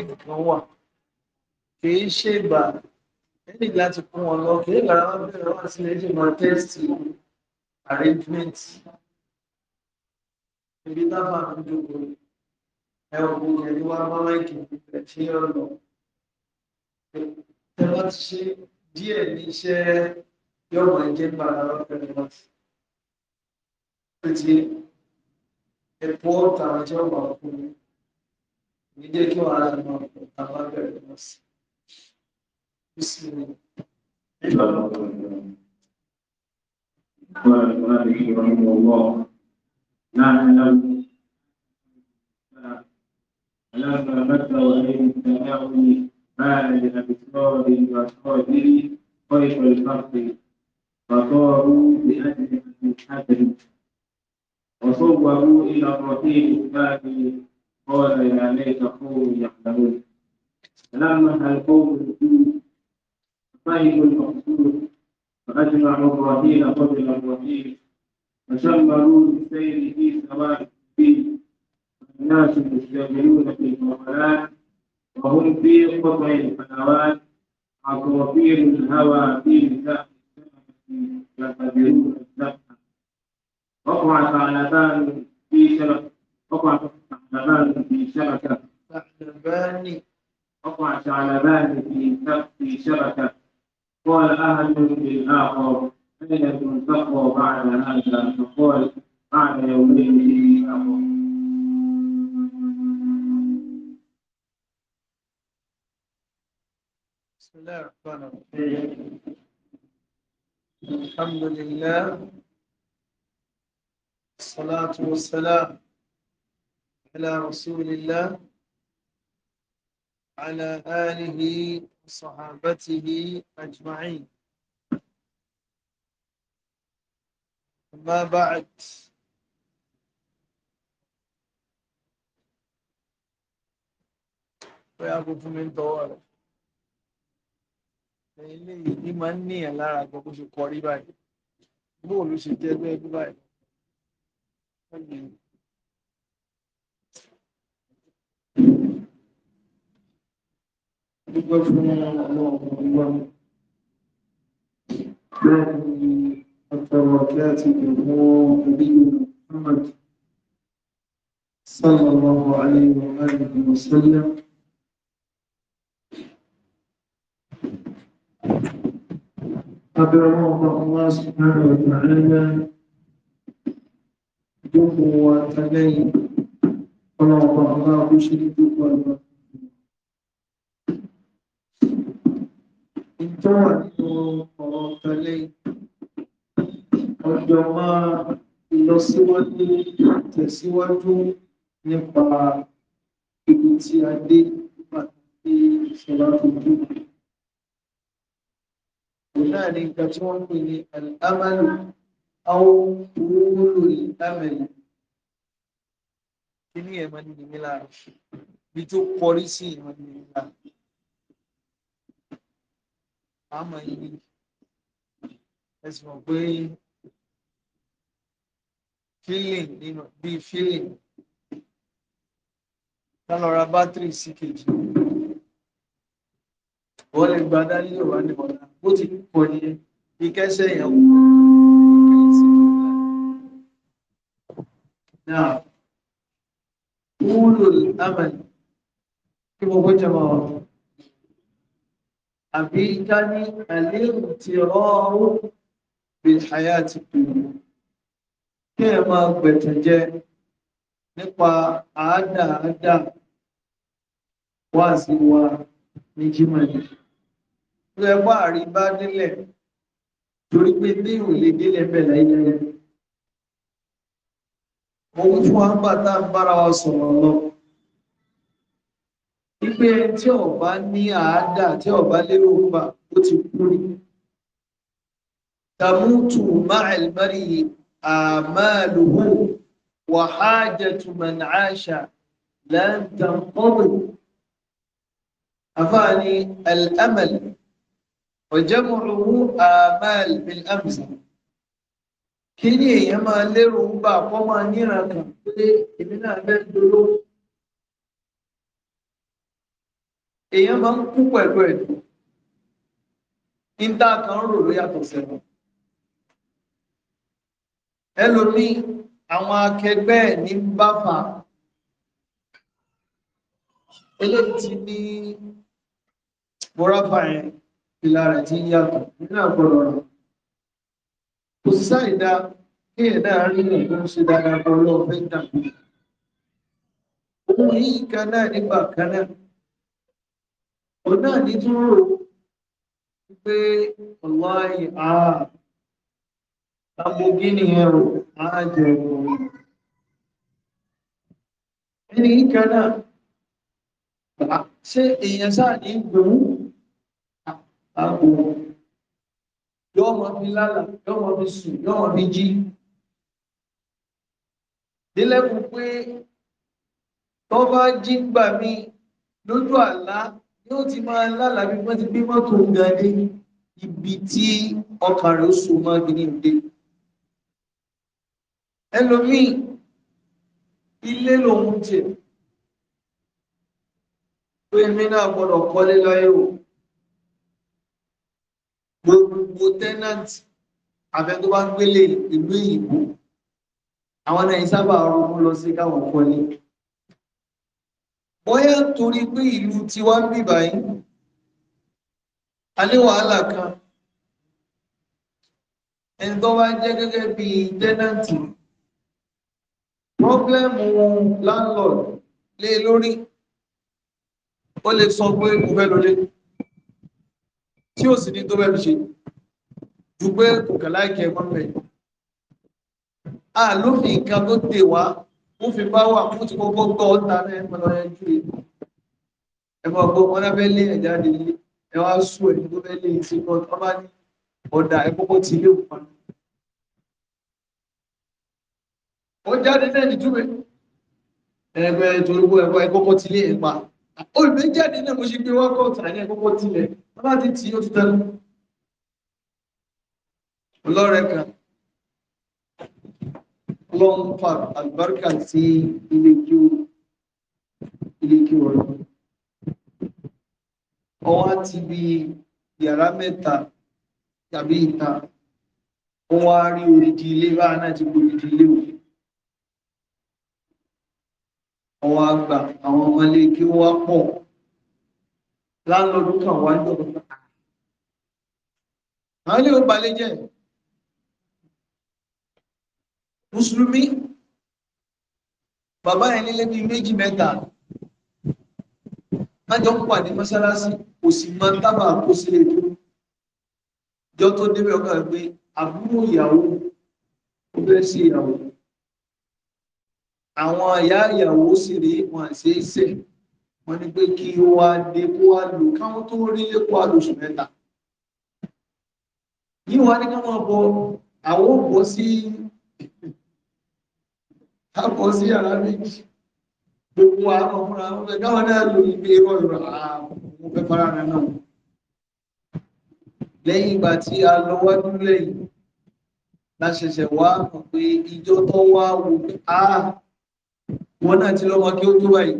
mistake kan wà kìí ṣe ìgbà ẹni láti kún wọn lọ kìí gbà wọn bẹ̀rẹ̀ wọn sílẹ̀ ṣe máa tẹ́sítì arrangement ibi tábà ń dúró ẹ ò gbogbo ẹni wá bá láìkì nípa ṣé ọ̀nà ẹ bá ti ṣe díẹ̀ ní iṣẹ́ yọ̀wọ̀ ẹ̀jẹ̀ gbàgbà lọ́pẹ̀lẹ̀ náà ti ẹ̀pọ̀ tààjọ́ wà fún mi. Immediately على ما تغرب الناس بسم الله قال مالك رحمه الله نعلم فلما بدوا عليهم التناول بال بسراب وصابر طيب الفرد فصاروا بأجل من وصوروا إلى الرحيم الباقي قال يا ليت قومي يعلمون فلما القوم فهم طيب المقصود فأجمعوا إبراهيم قبل الرهين فشمروا بالسير في سواء الدين الناس مشتغلون في القرآن وهم في قطع الحلوات عصافير الهوى في لسان السماء يعتبرون الذبح وقعت على في شرف وقع ثعلبان في شبكة ثعلبان وقع ثعلبان في في شبكة قال أهل للآخر أين تنفق بعد هذا فقال بعد يومين في آخر بسم الله الرحمن الرحيم الحمد لله الصلاة والسلام على رسول الله على آله وصحابته أجمعين ما بعد فيأخذ من دواره eléyìí ní máa ń níyàn lára gan bó ṣe kọrí báyìí bóòlù ṣe jẹ́ bẹ́ẹ̀ bí báyìí gbogbo fún àwọn ọmọdé wa bẹ́ẹ̀ni àtọ̀rọ̀ kí a ti lè mú orí Muhammad sallallahu alayhi wa alihi wa sallam abẹ́rẹ́ ọmọ ọmọ subhanahu wa ta'ala jókòó wa tàlẹ́yìn ọlọ́ọ̀pọ̀ ọmọ àbúṣe ní gbogbo àgbà tó wà nínú ọ̀rọ̀ kan lẹ́yìn ọjọ́ máa ìlọsíwájú tẹ̀síwájú nípa ibi tí a dé àti ìṣọ̀lá tó dé. Òun náà ni nǹkan tí wọ́n ń pè ní àlámàlù àwọn òwúrò ìdámẹ̀lì. Kí ni ẹ̀mọ́ ni mi lára? Bí tó sí ìmọ̀ ni àmọ́ yìí ẹsùn mọ̀ pé feeling nínú bíi feeling ká lọ ra bátìrì sí kejì wọ́n lè gba dání yóò wá ní ọ̀la bó ti pọ̀ ní ikẹ́sẹ̀ yẹn wò kẹ́yìn sí náà wúlò lámàlì kí mo gbé jẹ́ mọ́ àbí ká ní àléhùn ti rọrùn bí àyà ti dùn kí ẹ máa gbẹ̀tẹ̀ jẹ nípa àádáadáa wá sí wa ní jímọ̀lì ẹ wá rí bá délẹ̀ torí pé ní ò lè délẹ̀ bẹ́ẹ̀ láyé mo wí fún bá tá a ń bára wa sọ̀rọ̀ lọ pé ẹni tí ọba ní àádà tí ọba lérò pa ó ti kú rí tàmútù máàlmárì àmàlùhù wàhájẹtù mànàáṣà lẹ́ntàkọ́rù àfáàní al'amal ọjọ́mùrùwú àmàl bil'amsa kí ni èèyàn máa lérò pa kọ́ máa níran kan pé èmi náà fẹ́ dolóòrùn èèyàn máa ń kú pẹ̀lú ẹ̀ níta kan rò ló yàtọ̀ sẹ́wọ̀n ní àwọn akẹgbẹ́ ní báfà eléyìí ti ní mọ́ráfà yẹn yàtọ̀ nínú àgbọ̀dọ̀ rẹ̀ kò sí sáìdá kí ẹ̀dá rí rẹ̀ ṣe yìí kan náà òun náà ní tún rò pé ọláyì àá abogi nìyẹn o àá jẹ ọmọ ẹni kan náà gbà ah, ṣé èèyàn sáà ní gbòó àbò ah, yóò mọ fi lálà yóò mọ fi sùn yóò mọ fi jí délẹ́kùn pé tó bá jí gbà mí lójú àlá yóò ti máa lálàbí wọ́n ti gbé mọ́tò ń ga dé ibi tí ọkàn rẹ̀ ó so máa gbé ní ìdè ẹlòmíì ilé lòun jẹ pé mi náà gbọ́dọ̀ kọ́lé láyé o gbogbo tẹ́nàntì àfẹ́ tó bá gbélé ìlú ìyìnbó àwọn náà sábà ronú lọ sí káwọn kọ́lé bóyá torí pé ìlú tiwa ń bì báyìí alẹ́ wàhálà kan ẹni wá jẹ́ gẹ́gẹ́ bí tẹ́nàntì pọ́blẹ́mù landlord lé lórí ó lè sọ pé kò fẹ́ lọlé tí ó sì ní tó bẹ́ẹ̀ ṣe ju pé kò kàláìkẹ́ mọ́fẹ́ àlófin kan tó tè wá wọ́n fi bá wà fún ti kọ́kọ́ gbọ́ ọ́ta náà ẹ̀mọ́ lọ ẹjú ẹ̀ ẹ̀mọ́ ọgbọ́ wọn náà fẹ́ lé ẹ̀já lè lé ẹ̀ wá sú ẹ̀ tó fẹ́ lé ìsìn náà tó bá ní ọ̀dà ẹ̀ kọ́kọ́ ti ilé òkun ni. ó jáde náà ní túbẹ̀ ẹgbẹ́ torúkọ ẹ̀kọ́ ẹ̀ ti ilé ẹ̀ olùgbé jáde náà mo ṣe gbé wá kọ́ọ̀tù àní ẹ̀ kọ́kọ́ tilẹ̀ ọlọ́rẹ̀ kan ọlọ́run fa àlùbáríkà sí ilé kí ó ilé kí ó rọ ọwọ́ ti bi yàrá mẹ́ta tàbí ìta wọ́n wá rí odidi ilé bá náà ti gbò odidi ilé òun àwọn àgbà àwọn ọmọlé kí ó pọ̀ láńlọ́dún kan wá lọ́dún náà àwọn ilé ó mùsùlùmí bàbá ẹni lẹ́bí méjì mẹ́ta májọ ń pàdé mọ́sálásí kò sì máa tábà kó sílẹ̀ tó jọ tó débẹ̀ ọkọ̀ ẹgbẹ́ àbúrò ìyàwó ó fẹ́ sí ìyàwó àwọn ìyá ìyàwó sì rí wọn ṣe é sẹ̀ wọ́n ní pé kí ó wá dé kó wá lò káwọn tó rí lé kó wá lóṣù mẹ́ta yíwá ní káwọn bọ àwọn ò bọ́ sí àpọ̀ sí arabic gbogbo àwọn ọmọ ọmọ ẹ̀dáwọn náà lẹ́yìn ìgbà tí a lọ wájú lẹ́yìn la ṣẹ̀ṣẹ̀ wá mọ̀ pé ìjọ tó wá wò pé wọn náà ti lọ́mọ kí ó tó báyìí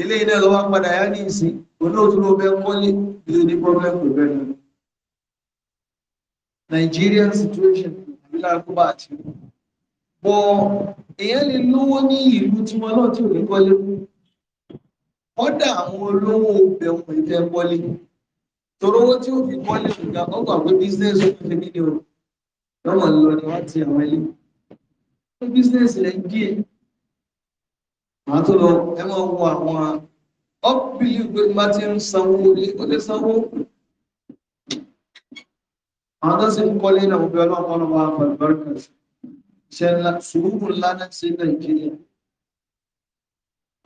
ilé iná lọ́wọ́ padà yá ní ìsìn olóòtú ló ní problem kò bẹ́ẹ̀ náà situation ìlànà bọ̀ èèyàn lè lówó ní ìlú tí wọn náà tí ò ní kú àwọn olówó bẹ̀rù ìfẹ́ torí owó tí ó fi kọ́lé ìgbà ọgbà pé bísíǹsì ó fi nílé o lọ́mọ lọ ni wọ́n ti àwọn ilé fún bísíǹsì rẹ̀ díẹ̀ tó lọ ẹ wo àwọn ọ́pìlì pé ti ń sanwó ilé ó lè sanwó àwọn tó kọ́lé náà fi ọlọ́pàá náà pẹ̀lú bẹ́rẹ̀ sùúrù ńlá náà sí nàìjíríà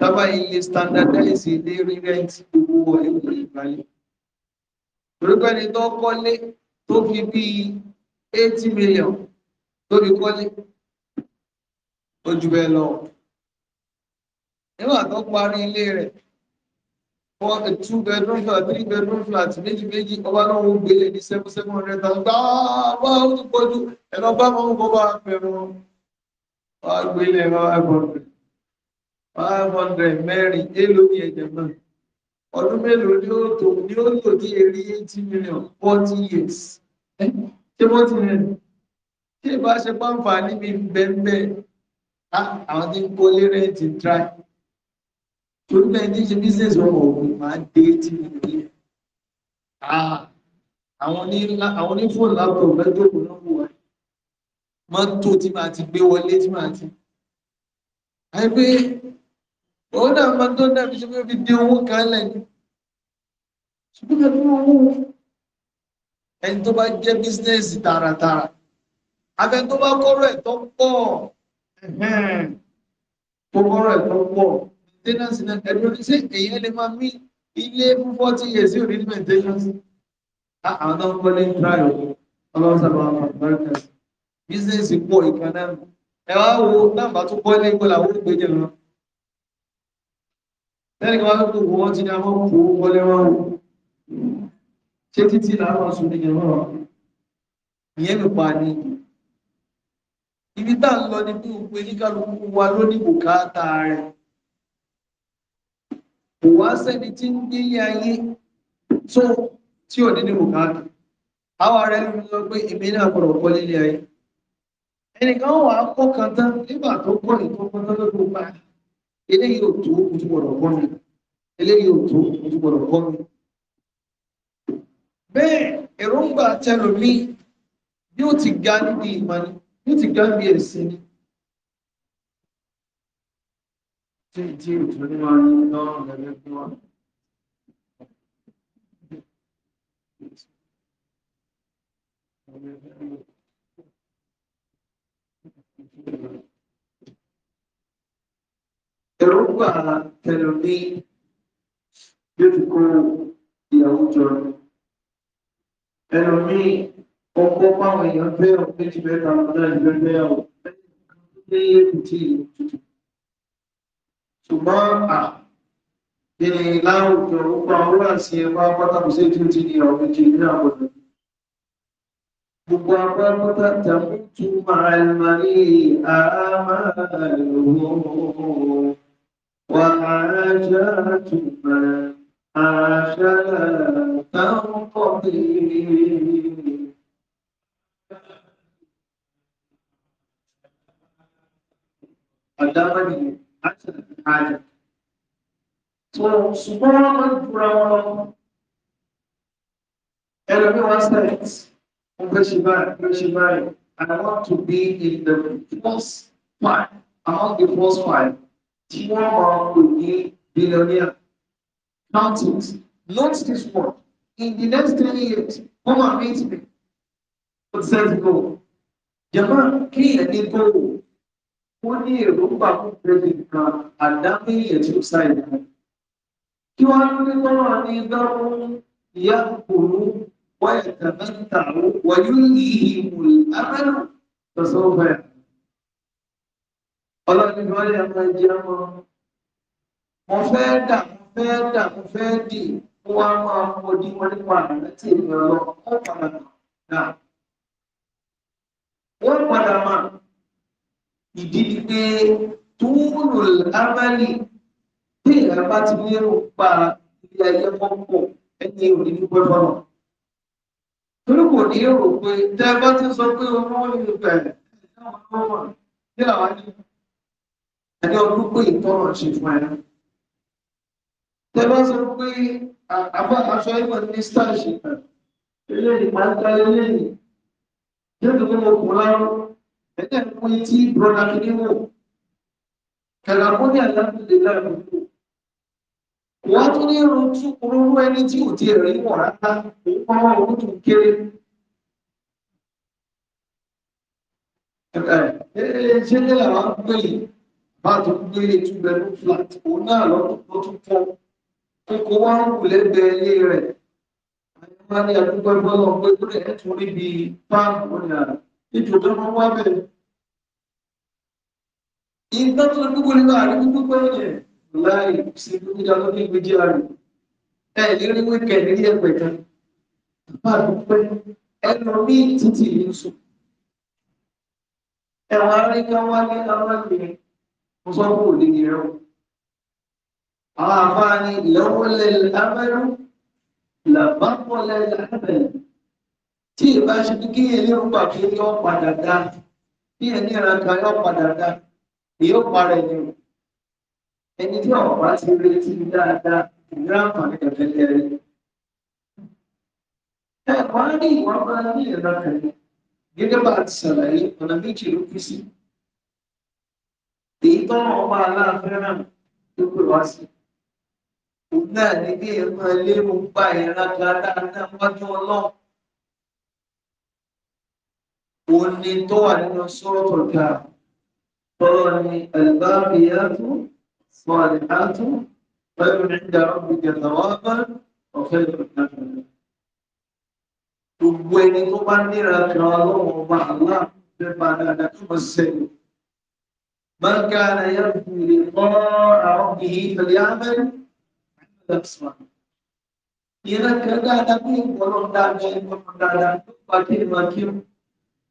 tábà ilé standardize ilé rírẹ́ǹtì gbogbo ẹ̀wọ̀n ìgbàlẹ̀ torípẹ́ni tó kọ́lé tó fi bí 80 million tó fi kọ́lé ó jù bẹ́ẹ̀ lọ nígbà tó parí ilé rẹ̀ wọn two bedroom flat three bedroom flat méjì méjì ọba náà wọn gbélé ní seven seven hundred thousand gbà wá ó ti pọ̀ jù ẹ̀rọ bá wọn kọ́ bá fẹ́ràn wọn wá gbélé five hundred five hundred mẹ́rin èlò ní ẹ̀jẹ̀ náà ọdún mélòó ni ó tó ni ó lò ní èrè eighty million forty years ṣé wọ́n ti rẹ̀ ṣé ìbáṣepọ̀ àǹfààní mi bẹ́ẹ̀ bẹ́ẹ̀ àwọn tí ń kó lérè ti dry torí bẹ́ẹ̀ ní ṣe business ọmọ ògùn máa dé tí mo ní àwọn ní fóònù lábọ̀ mẹ́tòkù náà wà mọ́tò tí máa ti gbé wọlé tí máa ti àìpé òun náà máa tó dàbí ṣe pé fi dé owó kalẹ̀ ni ṣùgbọ́n ẹni tó owó ẹni tó bá jẹ́ business tààràtààrà abẹ tó bá kọ́rọ̀ ẹ̀ tó pọ̀ tó kọ́rọ̀ ẹ̀ tó pọ̀ maintenance náà ẹ̀rọ ní sí èyàn lè máa mí ilé fún forty years yóò ní maintenance ah, àwọn tó ń kọ́ lé ń try o ọlọ́run sábà wọn fún americans business pọ̀ ìkan náà ẹ wá wo nàmbà tó bọ́ ilé ìgbọ́lá owó ìgbé jẹ lọ lẹ́yìn kan wá tó wọ́n wọ́n ti ní àwọn kò wọlé wọn o ṣé títí làwọn sùn nìyẹn wọn ìyẹn mi pa ni ibi tá à ń lọ ni bí òpin oníkálukú wa ló ní bùkátà rẹ̀ kò wá sẹ́ni tí ń gbé yé ayé tó tí ò ní ní bùkátà àwọn ará ẹni sọ pé èmi náà gbọ́dọ̀ kọ́ lílé ayé ẹnìkan wà á kọ́ kan tán nígbà tó kọ́ ìtọ́ kan tán lójú pa eléyìí ò tó ojú gbọ́dọ̀ kọ́ mi eléyìí ò tó ojú gbọ́dọ̀ kọ́ mi bẹ́ẹ̀ èròǹgbà tẹlòmíì yóò ti ga níbi ìmọ̀ ni yóò ti ga níbi ẹ̀sìn ni stage one, no, level one. èròǹgbà tẹnu ní yóò ti kó ìyàwó jọ ẹnu ní ọkọ báwọn èèyàn bẹ́ẹ̀ méjì bẹ́ẹ̀ ta ọ̀dọ́ ìgbẹ́ bẹ́ẹ̀ ọ̀ lẹ́yìn kan tó lé èkó tí ìlú tuntun ṣùgbọ́n à nínú láwùjọ orúkọ ọwọ́ àti ẹ̀bá pátákó sí ètò ti ní ọ̀rọ̀ méjì ní àbọ̀dọ̀ gbogbo apápátá tàbútù máa Adama àti àjẹ. tó ṣùgbọ́n wọ́n máa ń dúra wọn lọ. ẹlòmíì I want to be in the first five among the first five tí wọ́n máa ń billionaire. Count it, note this word. In the next three years, come and meet me. What says go? Jàmbá kí ẹni tó wò, wọ́n ní èròǹgbà fún Bẹ́lí kan àdámé èèyàn tí ó sá ìlú kí wọ́n á ní wọ́n wà ní dánwó ìyá kòrò wọ́n ìtàmẹ́ ìtàwó wọ́n yóò yí ìwò ìdámẹ́lú lọ́sọ́wọ́ ẹ̀ ọlọ́ni ni wọ́n yà máa jẹ́ ọmọ mo fẹ́ dà mo fẹ́ dà mo fẹ́ dì mo wá máa mọ di wọn nípa àná tí èmi ọlọ́ ó padà náà wọ́n padà máa ìdí ni pé túùlù lámàlì bí ìyàrá bá ti lérò pa ilé ayé pọ́pọ̀ ẹni ò ní dúpẹ́ fọ́nà torí kò ní rò pé tẹ́ bá ti sọ pé ọmọ ìlú bẹ̀rẹ̀ ní àwọn ní ẹni ọdún pé ìtọ́nà ṣe fún ẹ tẹ́ bá sọ pé àbá aṣọ ìmọ̀ ní stáàṣì eléyìí máa ń ta eléyìí yóò tó kó mo ẹ̀jẹ̀ ń pín tí brọ́dà kìíní wò ẹ̀làkún ní àlàmìlélà ìlú wọ́n tún ní irun tún kúrúrú ẹni tí ò ti rí wọ̀ rárá òun kọ́ òun tún kéré ṣé ní àwọn gbélé bá tó gbélé tún bẹ ní flat òun náà lọ́tún tún pọ̀ kókó wá ń wù lẹ́gbẹ̀ẹ́ ilé rẹ̀ àyẹ̀wò ní àdúgbò ẹgbẹ́ lọ pé ó lè tún rí bíi páàmù ní àná wọn wá bẹ̀rẹ̀ Então, tu não pode levar, não pode fazer. Lá, se tu já não tem vídeo lá. É, ele não quer, ele já foi, tá? Mas, não foi. É, não me entendi isso. É uma hora que eu olho, eu olho. Não só vou ler, eu. Ah, vai, não lê, abro. Lava, lê, abro. Tí ìbá ṣe kí ilé ń pàdé yọ padà dá, bí ẹni ìrànkà yọ padà yóò para ẹni ẹni tí ọ̀pọ̀ bá ti retí dáadáa ìlú àǹfààní ẹ̀fẹ́lẹ́ rẹ̀. ẹ̀kọ́ á ní ìwà máa ní ìlera rẹ̀ gẹ́gẹ́ bá ti ṣàlàyé ọ̀nà méjì ló kú sí. èyí tó wọn bá aláàfẹ́ náà ló pè wá sí. òun náà ní bí ẹ máa lérò ń bá ẹ lágbára dáadáa wájú ọlọ́run. òun ni tó wà nínú sọ́rọ́ tó dáa. فهو الباقيات الصالحات خير عند ربك ثوابا وخير املا gbogbo ẹni tó bá níra kan ọlọ́run ọba allah fẹ́ bá dáadáa tó máa ṣẹlẹ̀ máa ń ká ara yá ju lè kọ́ àwọn ìhìn ìfẹ̀lẹ́ abẹ́rẹ́ àgbẹ̀dàgbà ìran kan dáadáa bí ìwọ̀n náà dáadáa ìwọ̀n náà dáadáa yóò bá kí ni máa kí ó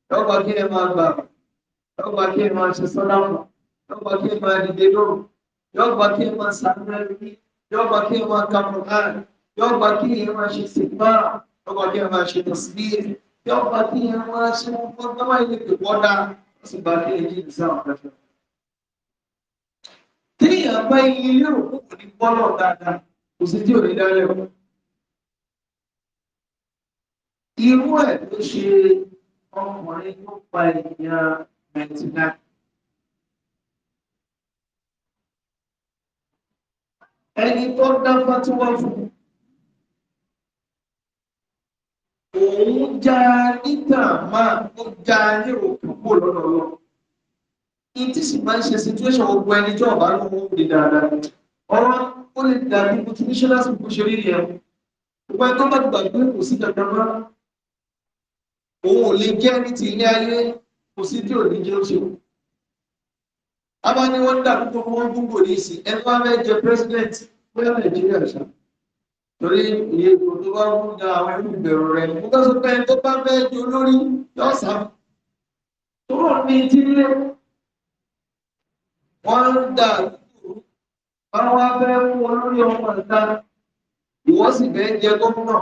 yóò bá kí ni máa gbà wọ́n. yóò gba kí ẹ máa ṣe sọ́dá pọ̀ yóò gba kí ẹ máa dìde lóru yóò gba kí ẹ máa sàánú ẹbí yóò gba kí ẹ máa ka mọ̀gán yóò gba kí ẹ máa ṣe sèkpárà yóò gba kí ẹ máa ṣe tọ̀síbíyẹ yóò gba kí ẹ máa ṣe wọn fún ọgbà máa yẹ kó bọ́dá ó sì gba kí ẹ jí ìdí sáwọn fẹ́fẹ́. téèyàn bá yí lérò kó ní bọ́lọ̀ dáadáa kò sí tí ò ní dálẹ̀ o. irú ẹ̀ ló ṣe ọkùnrin tó pa ènìyàn ninety nine. ẹni tó dá fatiwa fún òun já níta máa ó já nírò púpọ̀ lọ́nà lọ ìtí sì máa ń ṣe situation gbogbo ẹni tí ọba ló mú mi dáadáa ọ̀rọ̀ ó lè dàbí mo ti ní ṣe láti bó ṣe rí rí ẹ gbogbo tó bá gbàgbé kò sí dandan rárá òun ò lè jẹ́ ní ti ilé ayé kò sí tí ò ní jẹ́ oṣù abáni wọ́n dà púpọ̀ wọ́n gúngbò ní ìsìn ẹnu abẹ́ jẹ president bóyá nàìjíríà ṣá torí ìyẹn kò tó bá ń da àwọn olùbẹ̀rù rẹ̀ mo kọ́ sọ pé tó bá fẹ́ di olórí yóò sá tó rọ̀ ní ìdílé wọ́n ń dà wọ́n wá fẹ́ fún olórí ọmọ ìta ìwọ́n sì fẹ́ jẹ gómìnà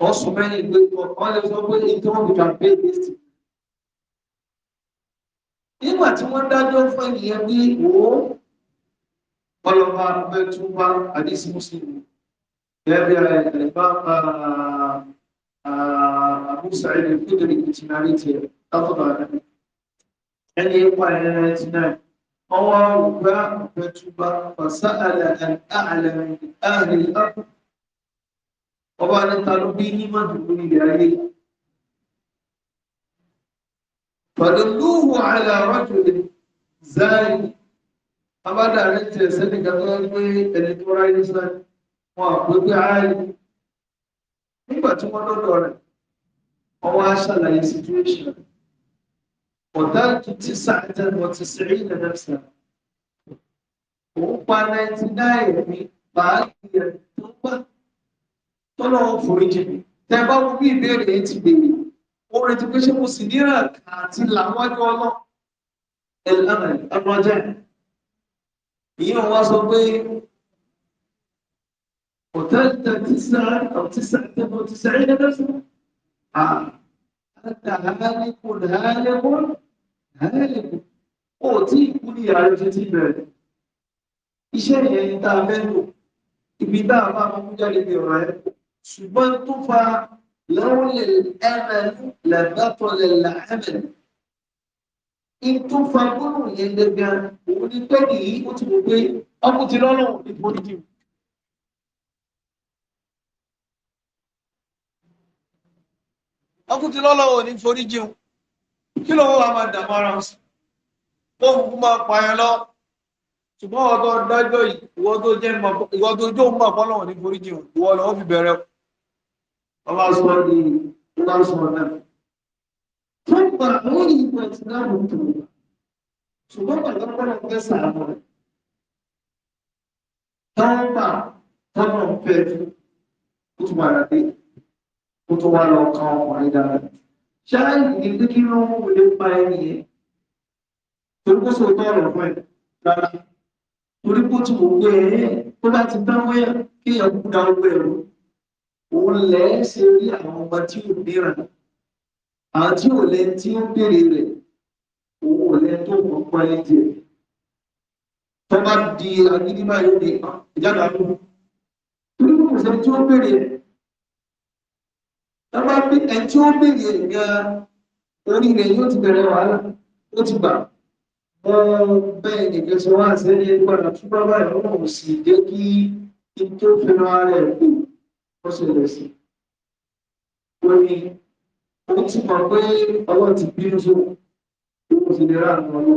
wọ́n sùn mẹ́rin gbé wọn lè sọ pé èyí tí wọ́n fi nígbà tí wọ́n dájọ́ fún ènìyàn bí wò ó ọlọ́ba fẹ́ tún bá àdísí mùsùlùmí gẹ́gẹ́ bí ẹ̀bá àbúsà ilẹ̀ fúdùrí ìtìnàrí tiẹ̀ látọ̀dọ̀ àdáni ẹni ipa ẹ̀rẹ́ ìtìnàrí ọwọ́ ọgbà fẹ́ tún bá pàṣẹ àlẹ́ àlẹ́ àlẹ́ àlẹ́ ọba níta ló bí nímọ̀ dùn lórí ilẹ̀ ayé fàdúgbùwò àlàrọ́jù lè záàrí abádà rẹ̀ jẹ́ sẹ́ni gbogbo pé ẹni tó ráyé sáré wọn àpótí ààrẹ nígbà tí wọ́n lọ́dọ̀ rẹ̀ ọwọ́ aṣàlàyé situation ọ̀dá tuntun sáàtẹ̀ mọ̀tí sẹ́yìn lẹ́nẹ́sà òun pa 99 ní báàgì rẹ̀ tó gbà tọ́lọ́wọ́ foríjì tẹ́ bá wọ́n bí ìbéèrè yìí ti bèèrè ó retí pé ṣé mo sì ní ràn àti làwájú ọlọ́ ẹlẹ́nà ẹgbọ́jẹ́ ìyẹn wá sọ pé òtẹ́lẹ̀ tíṣẹ́ ọ̀tíṣẹ́ tẹ́bọ̀ tíṣẹ́ ẹ̀ẹ́dẹ́gbẹ́sọ àtà hálẹ́kù hálẹ́kù hálẹ́kù ó tí ìkú ní ìyàrá tó ti bẹ̀rẹ̀ iṣẹ́ ìyẹn ní tá a fẹ́ lò ibi tá a máa mú jáde bí ọ̀rọ̀ ẹ̀ ṣùgbọ́n tó fa لولا الأمل لبطل العمل ìtú fagbọ́nù yẹn gẹ́gẹ́ òun ni pé kì í ó ti mọ̀ pé ọmọ ti lọ́nà ìbò ní jù. ọkùn ti lọ́lọ́ òní forí jẹun kí lọ́wọ́ wa máa dàmọ́ ara sí ó ń kú máa pààyàn lọ ṣùgbọ́n ọ̀dọ́ dájọ́ ìwọ́dójó mọ̀ fọ́lọ́wọ́ ní forí jẹun ìwọ́ lọ́wọ́ fi bẹ̀rẹ̀ kù. Allah SWT Allah SWT tabba'uni wa islamu tuba ṣùgbọ́n pẹ̀lú ọ̀pọ̀lọpọ̀ fẹ́ sàánú rẹ̀ tábà tábà ń fẹ́ ó tún padà dé ó tún wá lọ kan ọkùnrin dára ṣáàyè ní pé kí ló ń wọlé pa ẹni yẹn torí kó sọ tọ́ ọ̀rọ̀ fún ẹ rárá torí kó tún wọ ẹ tó bá ti dáwọ́ ẹ kí ẹ kú dáwọ́ ẹ lọ òun lẹ́ ṣe rí àwọn ọmọ tí ò níran àwọn tí ò lẹ tí ó béèrè rẹ̀ òun ò lẹ tó mọ̀ pa ẹ jẹ tó bá di agídímá yóò ní ìjádàá tó torí kò sẹ́ni tí ó béèrè ẹ bá bí ẹni tí ó béèrè gan orí rẹ̀ yóò ti bẹ̀rẹ̀ wàhálà ó ti gbà bẹ́ẹ̀ nìkan tí wọ́n á sẹ́ni padà túbọ̀ báyìí ó sì jẹ́ kí n tó fẹ́ràn ara kú ó sì lọ sí ó ní ó ti mọ̀ pé ọwọ́ ti bínú sóhun ó sì lè rà nù ọlọ́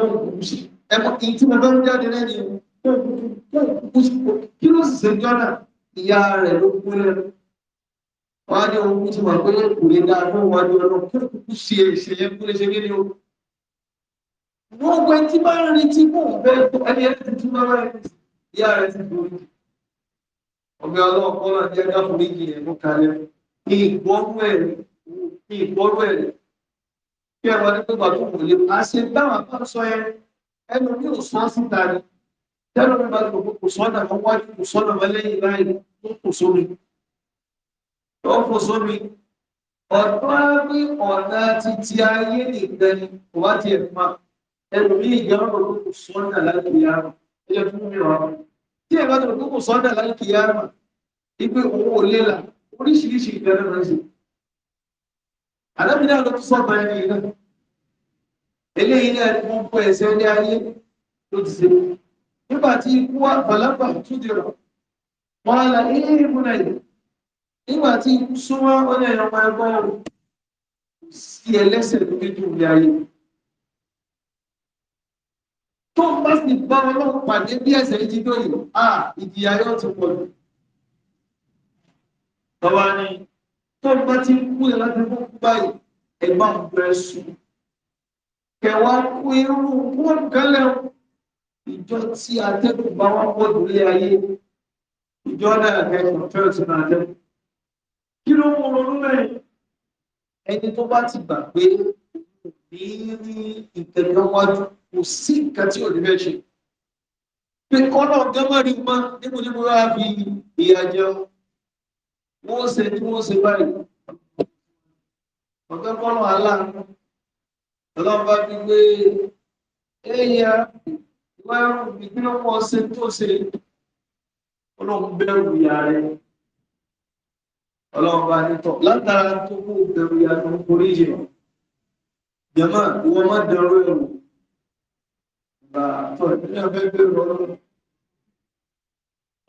ó kú sí ẹ̀kọ́ kí tí mo bá ń jáde lẹ́yìn ó kú sí kí ló sì ṣe jọ́nà ìyá rẹ̀ ló kú lẹ́nu wọ́n á ní ohun tí wọ́n pé kò lè dáa fún wọn ní ọlọ́run kí kúkú sí èsì yẹn kú lè ṣe kéde wọ́n gbẹ tí bá ń retí kó ń bẹ ẹni ẹni tuntun bá wà ní ìyá rẹ̀ ti borí ọgbẹ́ ọlọ́ọ̀kọ́ náà jẹ́ dáforíjì ẹ̀mú kalẹ̀ kí ìgbọ́rú ẹ̀rí kí ìgbọ́rú ẹ̀rí kí ẹ̀rọ nígbà tó kò lè máa ṣe báwọn kan sọ ẹ ẹnu ní òsán síta ni tẹ́lọ̀ mi bá gbogbo kò sọ́nà mọ́ wájú kò sọ́nà mọ́ lẹ́yìn báyìí tó kò sómi tó kò sómi ọ̀tọ́ á ní ọ̀nà títí ayé nìkan ni kò wá tiẹ̀ fún wa ẹnu mi ìjẹun lọ́dún kò sọ́nà láti yára ẹ fún mi ọ̀rọ̀ tí ẹ̀rọ tó kókò sọ́dà láti yára wípé owó lélà oríṣiríṣi ìgbẹ́rẹ́ rẹ̀ sí alábìnrin àlọ́ tó sọ́dà ẹni iná eléyìí náà ni wọ́n kó ẹ̀sẹ̀ ní ayé ló ti ṣe nígbà tí ikú àfàlápà tún ti rọ̀ wọ́n á la ilé ìbú náà yìí nígbà tí ikú súnmọ́ ọ̀nà ẹ̀rọ máa gbọ́ sí ẹlẹ́sẹ̀ lókè jù ní ayé tó ń bá sì bá ọlọ́run pàdé bí ẹ̀sẹ̀ yìí ti dóyè à ìjìyà yóò ti pọ̀ jù. Bàbá ni tó ń bá ti ń kú ẹ láti fún báyìí ẹ bá ń bẹ̀rẹ̀ sùn. Kẹ̀wá kú irú wọ́n kẹ́lẹ̀ ìjọ tí atẹ́kùn bá wá pọ̀ jù lé ayé. Ìjọ náà kẹ́kọ̀ọ́ fẹ́rẹ̀ sínú atẹ́kùn. Kí ló ń ronú lẹ́yìn? Ẹni tó bá ti gbà ní nǹkan kò sí nǹkan tí ò ní fẹ́ ṣe pé kọ́nà gẹ́mọ̀rí mọ́ níbo ní mo rárá fi ìyà jẹun wọ́n ṣe tí wọ́n ṣe báyìí ọ̀gá kọ́nà aláàánú ọlọ́ba fi gbé ẹ̀yà ìwà ìpínlẹ̀ pọ̀ ṣe tó ṣe ọlọ́run bẹ̀rù ìyá rẹ̀ ọlọ́run bá ní tọ̀ látara tó kó bẹ̀rù ìyá rẹ̀ orí yìí jẹ̀mọ́ ìwọ́n má dẹrù ẹ̀rù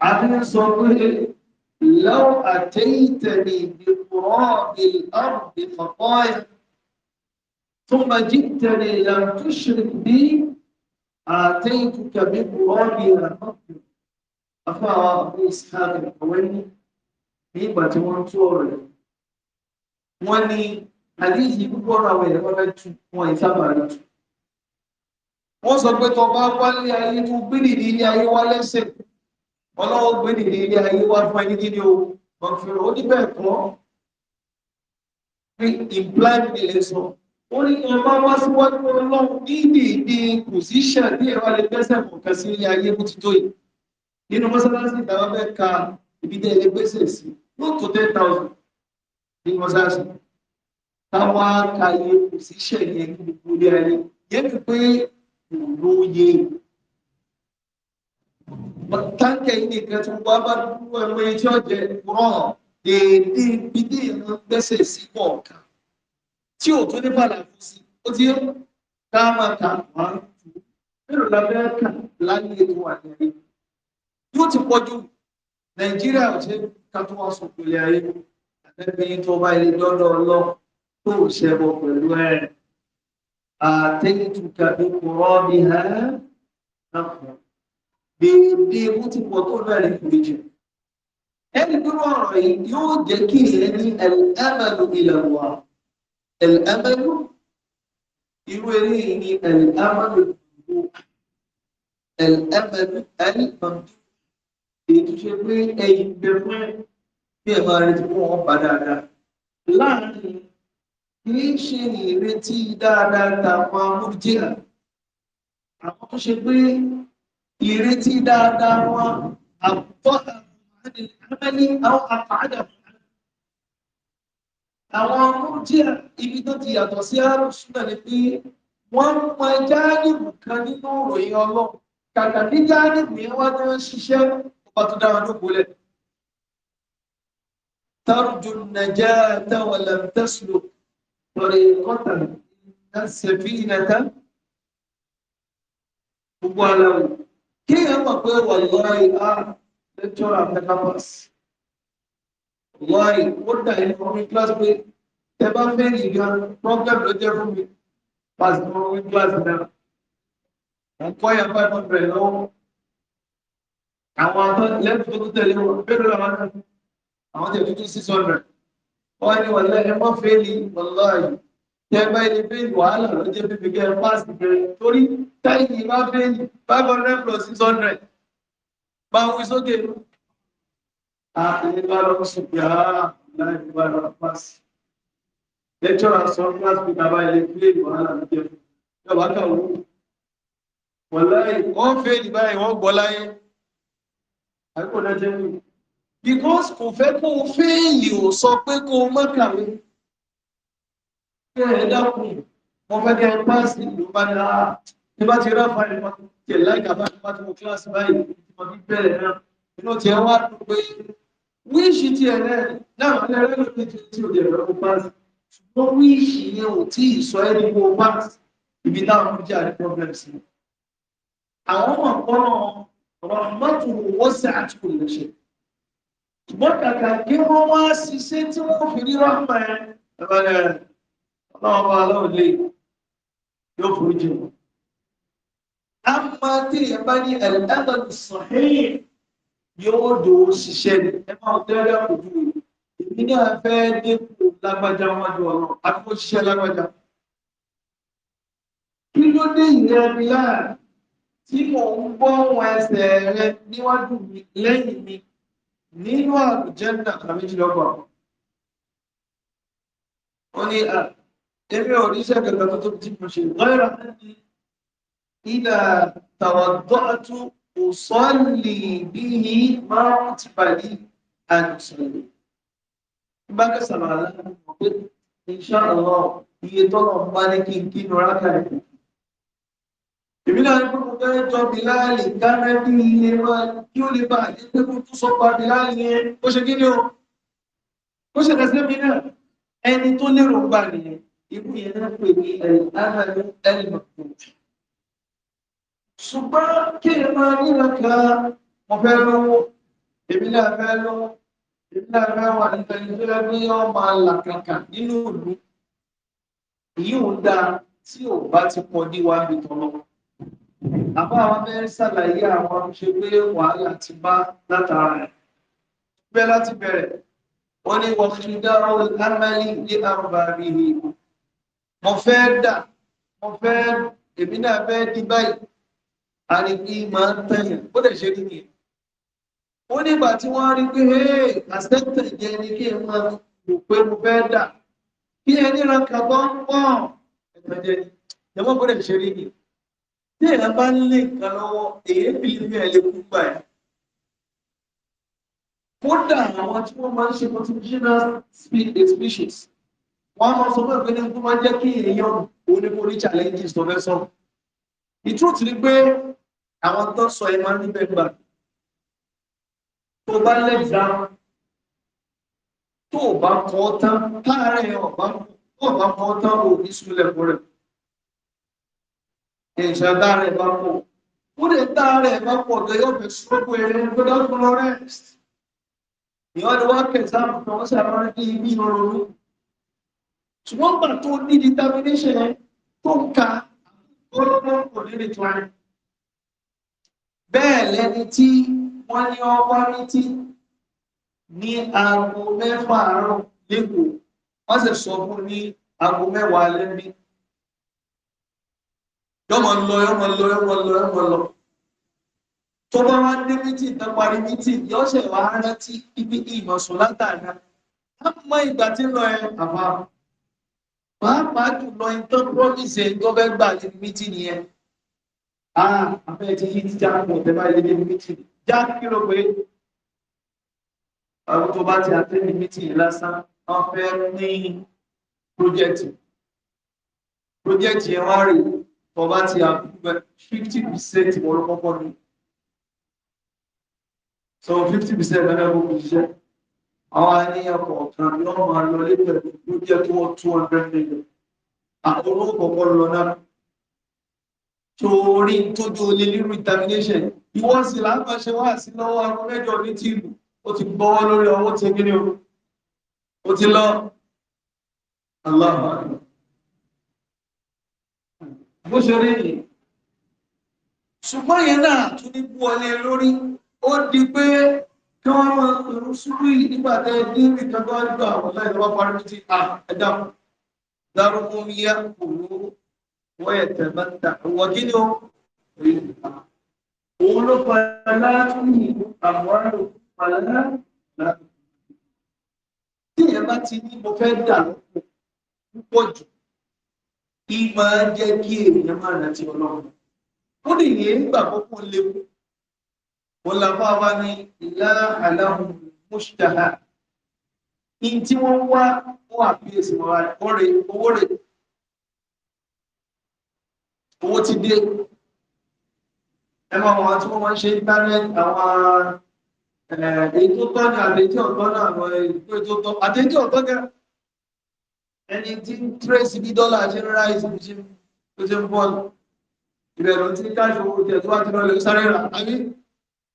أنا صوره لو أتيتني بقراب الأرض خطايا ثم جئتني لم تشرك بي آتيتك بقرابها مغفرة أفا أبو إسحاق الحويني nígbà tí wọ́n tú ọ̀rọ̀ rẹ̀ wọ́n ní wọ́n sọ pé tó bá wálé ayé tó gbé nìdí ilé ayé wá lẹ́sẹ̀ ọlọ́wọ́ gbé nìdí ilé ayé wá fún ẹni gidi o wọ́n fi rò ó ní bẹ́ẹ̀ kọ́ pé implant ni lè sọ ó ní kí wọ́n bá wá síwájú ọlọ́run ní nìdí pòsíṣàn ní ẹ̀rọ alẹ́ gbẹ́sẹ̀ kọ̀ọ̀kan sí ilé ayé bó ti tó yìí nínú mọ́sálásí ìdáwọ́ fẹ́ ka ibi tẹ́ ilé gbẹ́sẹ̀ sí yóò tó ten thousand ní mọ́sálásí táwọn ka iye pòsíṣàn yẹn ní gbogbo ilé ayé yẹn ti pé lóye táǹkà yìí nìkan tó wá bá dúró ẹ̀rọ ẹjọ́ jẹ rán èdè gbígbé ìran gbẹ́sẹ̀ sí kọ̀ọ̀kan tí ò tó ní bàlàfù sí ó ti yẹ ká máa ta àwọn mẹ́rin lábẹ́ kà láyé ètò àjẹrí yóò ti pọ̀jù nàìjíríà ò ṣe ká sọ pẹ̀lú ayé àtẹ́gbẹ́yìn tó bá ilé dọ́dọ̀ ọlọ́ tó ṣẹbọ pẹ̀lú ẹ̀rìn àtẹ́yìntùkà bí kọ̀rọ̀ bí ha náà bí bí ewu ti pọ̀ tó náà rí ìrìnjì ẹni dúró ọ̀rọ̀ yìí yóò jẹ́ kí ìyẹn ní ẹ̀lẹ́mẹ̀lú ilẹ̀ ẹ̀lẹ́mẹ̀lú irú eré ní ẹ̀lẹ́mẹ̀lú ẹ̀lẹ́mẹ̀lú ẹ̀lẹ́mẹ̀lú èyí tó ṣe pé ẹ̀yìn bẹ̀rẹ̀ bí ẹ̀ máa retí fún wọn padà dáa láàárín kì í ṣe ìrètí dáadáa tàwọn amúrújìnà àwọn tó ṣe pé ìrètí dáadáa wọn àbúkọ́ àbúrújìnà àwọn àfààdà àwọn amúrújìnà ibi tó ti yàtọ̀ sí àrùsùnà ni pé wọ́n mọ jáàlìbù kan nínú ìròyìn ọlọ́run kàkà ní jáàlìbù yẹn wá ní wọ́n ṣiṣẹ́ ọba tó dára ló gbólẹ̀. ترجو النجاة ولم تسلك tọ̀rẹ̀kọ́tà sẹ̀fínìnàtà gbogbo aláwọ̀ kí èèyàn mọ̀ pé wà lọ́ọ̀ì á lẹ́tọ́rọ̀ àfẹ́kápàs lọ́ọ̀ì ó dà ní ọmọ kíláàsì pé ẹ bá fẹ́ ìgbà pọ́gẹ́mù ló jẹ́ fún mi pàṣẹ ọmọ kíláàsì náà ẹ̀kọ́ yà five hundred lọ́wọ́ àwọn atọ́ lẹ́tọ̀ọ́ tó tẹ̀lé wọn bẹ́ẹ̀ lọ́wọ́ àwọn tẹ̀ tuntun six hundred wọ́n ní wọ́n lẹ́yìn wọ́n fẹ́lì wọ́lọ́yì tẹ́gbà ilé fẹ́lì wàhálà ló jẹ́ pípẹ́ kẹ́ ẹ pàṣẹ bẹ̀rẹ̀ torí táyì bá fẹ́lì five hundred plus six hundred bá wí sókè lọ. àtẹ̀lé bá lọ sùn pé àá láì fi bá lọ pàṣẹ. lẹ́tọ́rà sọ pàṣẹ pé bàbá ilé fẹ́lì wàhálà ló jẹ́ ìjọba kan wù. wọ́lọ́yì wọ́n fẹ́lì báyìí wọ́n gbọ́ láyé. àbíkò náà jẹ́ mi because kò fẹ́ kó o fẹ́ẹ̀lì ò sọ pé kó o mọ́ kàwé ẹ̀ dákùn mo fẹ́ kí ẹ páàsì ló bá ní ara ní bá ti rá fàáyé wọn tẹ̀ láìka bá nípa tí mo kíláàsì báyìí mo fi bẹ̀rẹ̀ náà inú tiẹ̀ wá dùn pé wíṣì tí ẹ rẹ̀ náà ní ẹrẹ́ ló ní tí o lè rẹ̀ kó ṣùgbọ́n wíṣì yẹn ò tí ì sọ ẹ́ ní kó páàsì ibi táwọn ọjà ní problem sí àwọn ọmọ kan náà mọ́tò wọ́sẹ̀ àti lè ṣe ṣùgbọ́n kàkà kí wọ́n wá ṣiṣẹ́ tí wọ́n fi rí rọ́mọ̀ ẹ̀ ẹ̀rẹ̀ ọlọ́ọ̀bá aláwọ̀lẹ́ yóò fún jù. a máa tí ẹ bá ní ẹ̀lẹ́dàgbà sọ̀hìn yóò dò ó ṣiṣẹ́ ní ẹ máa tẹ́lẹ̀ òjú èmi náà fẹ́ dínkù lágbájá wájú ọ̀rọ̀ àti mo lágbájá. kí ló dé ìrẹ́mi láàrín tí mò ń gbọ́ ohun ẹsẹ̀ rẹ níwájú lẹ́yìn mi nínú àlùjẹ́nà kàmíjìlọ́gbà ó ní à ẹgbẹ́ oríṣẹ́ gẹ̀gẹ̀ tó tí mo ṣe gọ́ẹ̀rọ ìdá tàwàdọ́tú òsọ́lì bí i márùn ti bàlí àdìsọ̀lẹ̀ bá kẹsàrà aláàrùn pé ìṣàlọ́ iye èmi náà ní pé mo fẹ́ jọ bíláàlì dáná bí ilé máa kí ó lè bá àdé pé mo tún sọ pa bíláàlì yẹn ó ṣe kí ni o ó ṣe tẹ̀sílẹ̀ mi náà ẹni tó lérò gbà nìyẹn irú yẹn náà pè ní ẹ̀rọ ẹ̀lìmọ̀kù ṣùgbọ́n kí ẹ máa níra ká mo fẹ́ lówó èmi náà fẹ́ lówó èmi náà fẹ́ wà nípa ẹni tó lẹ́gbẹ́ máa là kàkà nínú ìlú yìí ò dáa tí ò bá ti pọ̀ ní tọ́lọ́wọ́ àbá àwọn abẹ́rẹ́ ṣàlàyé àwọn ṣe pé wàhálà ti bá látara rẹ̀ bẹ́ẹ̀ láti bẹ̀rẹ̀ wọ́n ní wọ́n fi dára lámẹ́lì ní àrùbárí ni mo fẹ́ dà mo fẹ́ èmi náà fẹ́ di báyìí àríkí máa ń tẹ̀yàn ó lè ṣe rí nìyẹn ó nígbà tí wọ́n rí pé àṣẹ́tẹ̀ jẹ́ ni kí ẹ máa rò pé mo fẹ́ dà kí ẹ níran kàbọ̀ pọ̀ ẹ̀tàn jẹ́ ni ẹ̀mọ́ gbọ́dọ̀ ṣe nìyẹn tí èèyàn bá ń lé nǹkan lọ́wọ́ èèyàn bí ní ẹ̀ lè kúpa ẹ̀. kódà àwọn tí wọ́n máa ń ṣe multigenous species wọ́n á máa sọ pé ìpínlẹ̀ tó máa jẹ́ kí èèyàn onímọ̀rí challenges tó fẹ́ sọ. ìtúrùtù ni pé àwọn tó sọ ẹ máa ń níbẹ̀ gbà tó bá lẹ́gbàá tó bá kọ́ tán káàárẹ̀ ọ̀bá kọ́ tán ò ní sùn rẹ̀ èèyàn dára ẹ̀ bá pọ̀ ó lè dára ẹ̀ bá pọ̀ gẹ́gẹ́ ọ̀fẹ́ sọ́kù ẹ̀rẹ́ gbọ́dọ̀ fún lọ rest ìyọ́n ni wọ́n kẹ̀sà fún ọ́n sábà ní ibi ìrọ̀rùn ṣùgbọ́n gbà tó ní determination tó ń ka gbọ́dọ̀ kò ní lè tó ayé bẹ́ẹ̀ lẹni tí wọ́n ní ọwọ́ létí ní aago mẹ́fà àárọ̀ lẹ́kọ̀ọ́ wọ́n sì sọ fún yọmọ lọ yọmọ lọ yọmọ lọ yọmọ lọ tó bá wá dé mítì náà parí mítì yóò ṣe wá rántí ibi ìmọ̀sùn látàrí á mọ ìgbà tí lọ ẹ àbá pàápàá jùlọ ìtàn promise ẹ̀ gọ́bẹ́ gbà ní mítì nìyẹn ah abẹ́ẹ̀ ti yí ti já pọ̀ tẹ́ bá yẹ dé mítì já kí ló pé àwọn tó bá ti àtẹ́ ní mítì yìí lásán wọ́n fẹ́ ní pírójẹ́tì pírójẹ́tì ẹ̀ wá rèé ọba ti àbúgbẹ́ 50% wọ́n kọ́kọ́ ní so 50% ẹgbẹ́ gbogbo iṣẹ́ àwọn aníyànkọ̀ ọ̀kan ni wọ́n máa lọ lé pẹ̀lú ló jẹ́ tó wọ́n 200 million àwọn olóòkọ̀kọ́ lọ náà torí tójú olè lérú determination ìwọ́n sì lápá ṣe wá sí lọ́wọ́ àwọn mẹ́jọ ní tìlú ó ti gbọ́wọ́ lórí ọwọ́ tẹ́gẹ́rẹ́ o ó ti lọ aláàbà bó ṣe rí ni ṣùgbọ́n yẹn náà tún ní bú ọlé lórí ó di pé kí wọ́n mọ ìrún ṣubú yìí nígbà tẹ́ ní nìkan tó wá nígbà àwọn láì lọ́wọ́ parí ti à ẹ̀dá dárúkú yá òru wọ́n yẹ tẹ̀mẹ́ ta wọ́n kí ni ó rí nípa òun ló fa láàrín àwọn àrùn pàlẹ́ láàrín tí ìyẹn bá ti ní mo fẹ́ dà lọ́pọ̀ púpọ̀ jù ìmọ̀ jẹ́ kí èèyàn máa rántí ọlọ́run ó lè yẹ nígbà kókó léwu wọn làbá wa ní ìlà àláhùn mùsùlùmá ní tí wọ́n wá fún àfiyèsí wọn ọ̀rẹ́ owó rẹ̀ owó ti dé ẹ máa wọn tí wọ́n máa ń ẹni tí ń tírèsì bí dọ́là ṣe ń ra ìsìn ṣe tó ṣe ń bọ́ọ̀lù ìbẹ̀rù tí káṣí owó tẹ̀ tó wá ti lọ lè sáré rà àbí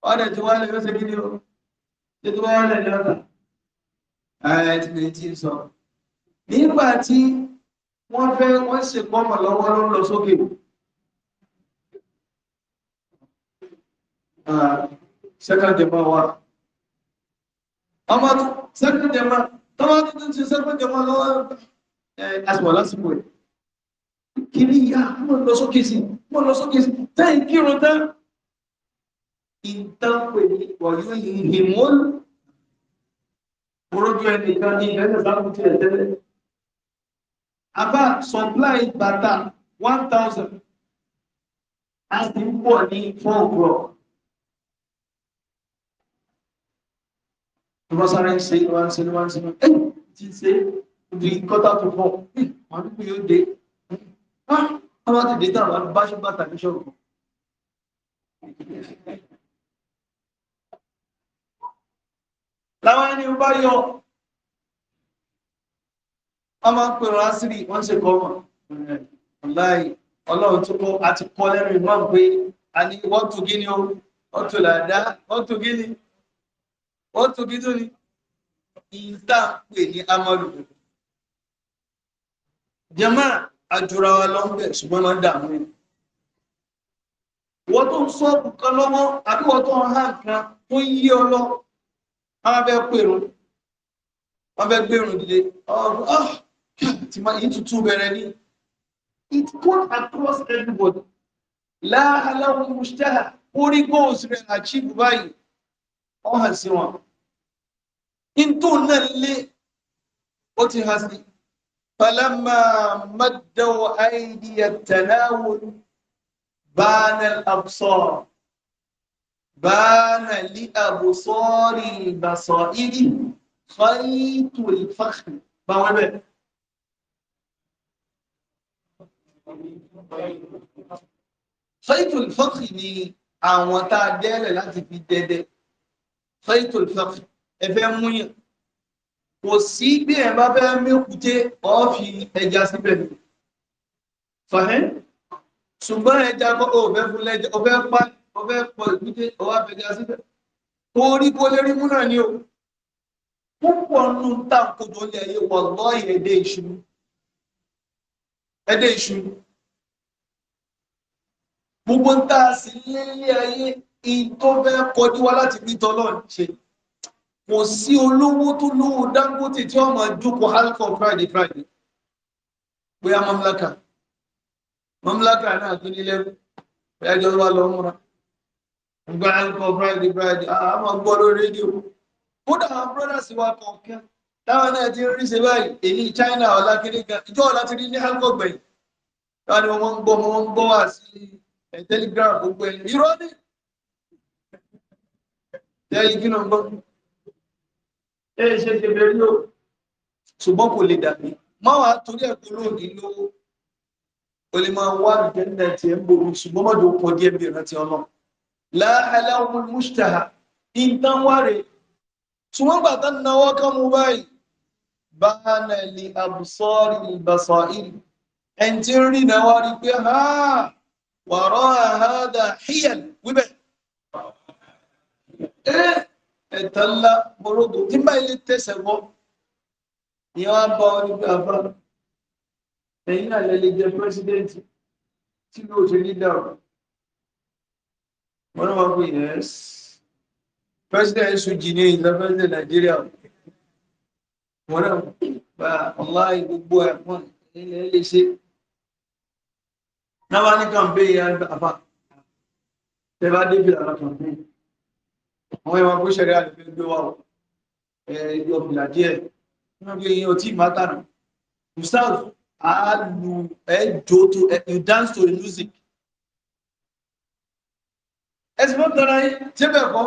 wọ́n dẹ̀ tí wọ́n lè fẹ́ kí ni o ṣe tó wọ́n lè lọ́tà ààrẹ ti lè ti sọ nígbà tí wọ́n fẹ́ wọ́n ṣe pọ́mọ̀ lọ́wọ́ ló ń lọ sókè sẹ́kàndẹ̀mọ́ wa ọmọ sẹ́kàndẹ̀mọ́ tọ́wọ́ tuntun ṣe sẹ́kàndẹ̀mọ́ lọ́wọ́ àsìmọ̀ lásìkò ẹ̀ kiri ya mọ́ lọ sókè sí mọ́ lọ sókè sí tẹ́yìn kírun tán ìtànpè ní ọ̀yọ́ ìhìmọ́lù orójú ẹnìkan ní ìrẹ́lẹ̀ sáàkù tí ẹ̀ tẹ́lẹ̀ abá supply bàtà 1000 a ti ń pọ̀ ní 4 o'clock ìwọ́sára ń ṣe ìwọ́n ṣe ìwọ́n ṣe ẹ̀ ti ṣe di kọ́tà tó pọ̀ wọn hmm, ní yóò dé hmm, ah, wọn bá ti dé tàn wọn bá ṣe bàtà ní ṣọ́ọ̀bù. láwọn ẹni bá yọ wọn máa ń pè wọn àṣírí wọn ṣe kọ́ wọn láì ọlọ́run tó kọ́ àti kọ́ lẹ́nu ìmọ̀ pé a ní wọ́n tún kí ni o wọ́n tún làdá wọ́n tún kí ni wọ́n tún kí tó ni ìta pè ní amadu jẹmọ́ àjùra wa lọ ń bẹ̀ ṣùgbọ́n máa ń dààmú ẹ̀ wọ́n tó ń sọ nǹkan lọ́wọ́ àbí wọ́n tó ń há nǹkan tó ń yí ọ lọ wọ́n wọ́n fẹ́ gbèrún dìde ọ̀rọ̀ ah, tí máa yí tuntun across everybody láàláwọ̀ mùsùlùmí orí goals rẹ̀ achieve báyìí wọ́n hàn sí wọn. in tó náà فلما مدوا أيدي التناول بان الأبصار بان لأبصار البصائر خيط الفخر بان خيط الفخر ni àwọn tá a dẹ́rẹ̀ láti fi خيط الفخر ẹ kò sí bí ẹ̀ bá fẹ́ mẹ́kúté ọ́fì ẹja síbẹ̀ ni fàhẹ́ ṣùgbọ́n ẹja kọ́ ọ fẹ́ fún lẹ́jà ọ fẹ́ pa ọ fẹ́ pọ̀ ìkúté ọwá fẹja síbẹ̀ torí kó lérí mú náà ni o púpọ̀ nù tá a kojú ọlẹ́ ayé wọ̀ lọ́ọ̀yẹ̀ ẹ̀dẹ́ ìṣúnú ẹ̀dẹ́ ìṣúnú gbogbo ń tá a lé ilé ayé ìtọ́fẹ́ kọjú wa láti bí tọ́lọ́ọ̀ ṣe kò sí olówó tó lówó Dangote tí wọ́n máa jókòó halcon Friday Friday bóyá mamlaka mamlaka náà tó ní lẹ́rú bóyá ìjọba lọ múra gba halcon Friday Friday a máa gbọ́ lórí rédíò kódà àwọn brothers wa kọ̀ọ̀kan táwọn náà ti rí ṣe báyìí èyí China ọ̀la kiri gan ìjọ ọ̀la ti rí ní halcon gbẹ̀yìn táwọn ni wọ́n ń gbọ́ wọ́n ń gbọ́ wá sí eh, telegram gbogbo ẹ̀yìn irọ́ ni. gbọ́dọ̀ ẹ ṣe tèbè rí o ṣùgbọ́n kò lè dàbí máa wà torí ẹ̀kọ́ lóògì lówó o lè máa wá ìjẹ́ndà tí ẹ ń ború ṣùgbọ́n má jò pọ̀ díẹ̀ bí ìrántí ọlọ́ láàlá ohun mùsùtàhà ìtàn wà rè ṣùgbọ́n gbàtà náwó kan báyìí bá nà ẹ̀tàn ńlá morogo nígbà ilé tẹ̀sẹ̀ mọ́ ìyẹn wá bá ọ nígbà bá ẹ̀yìn náà lẹ́lẹ́ jẹ́ pírẹ́sídẹ́ǹtì tí ló ṣe ní dàrú wọ́n náà wá pé yẹ́s pírẹ́sídẹ́ǹtì sùjì ní ìlú pírẹ́sídẹ́ǹtì nàìjíríà wọ́n náà bá ọ̀la gbogbo ẹ̀pọ̀n ilẹ̀ lè ṣe náà wá ní kàmpéyìn àgbà àbá tẹ́lá débi àwọn kàmpéyìn àwọn ẹwà kó ṣẹlẹ̀ àti gbé wa ọ ẹbí ọ̀bìlà díẹ̀ nínú bí eyín ọtí ìmátànà gustav a lu ẹjọ to you dance to the music ẹsìn mọ́ tọ́ra yín tí bẹ́ẹ̀ kọ́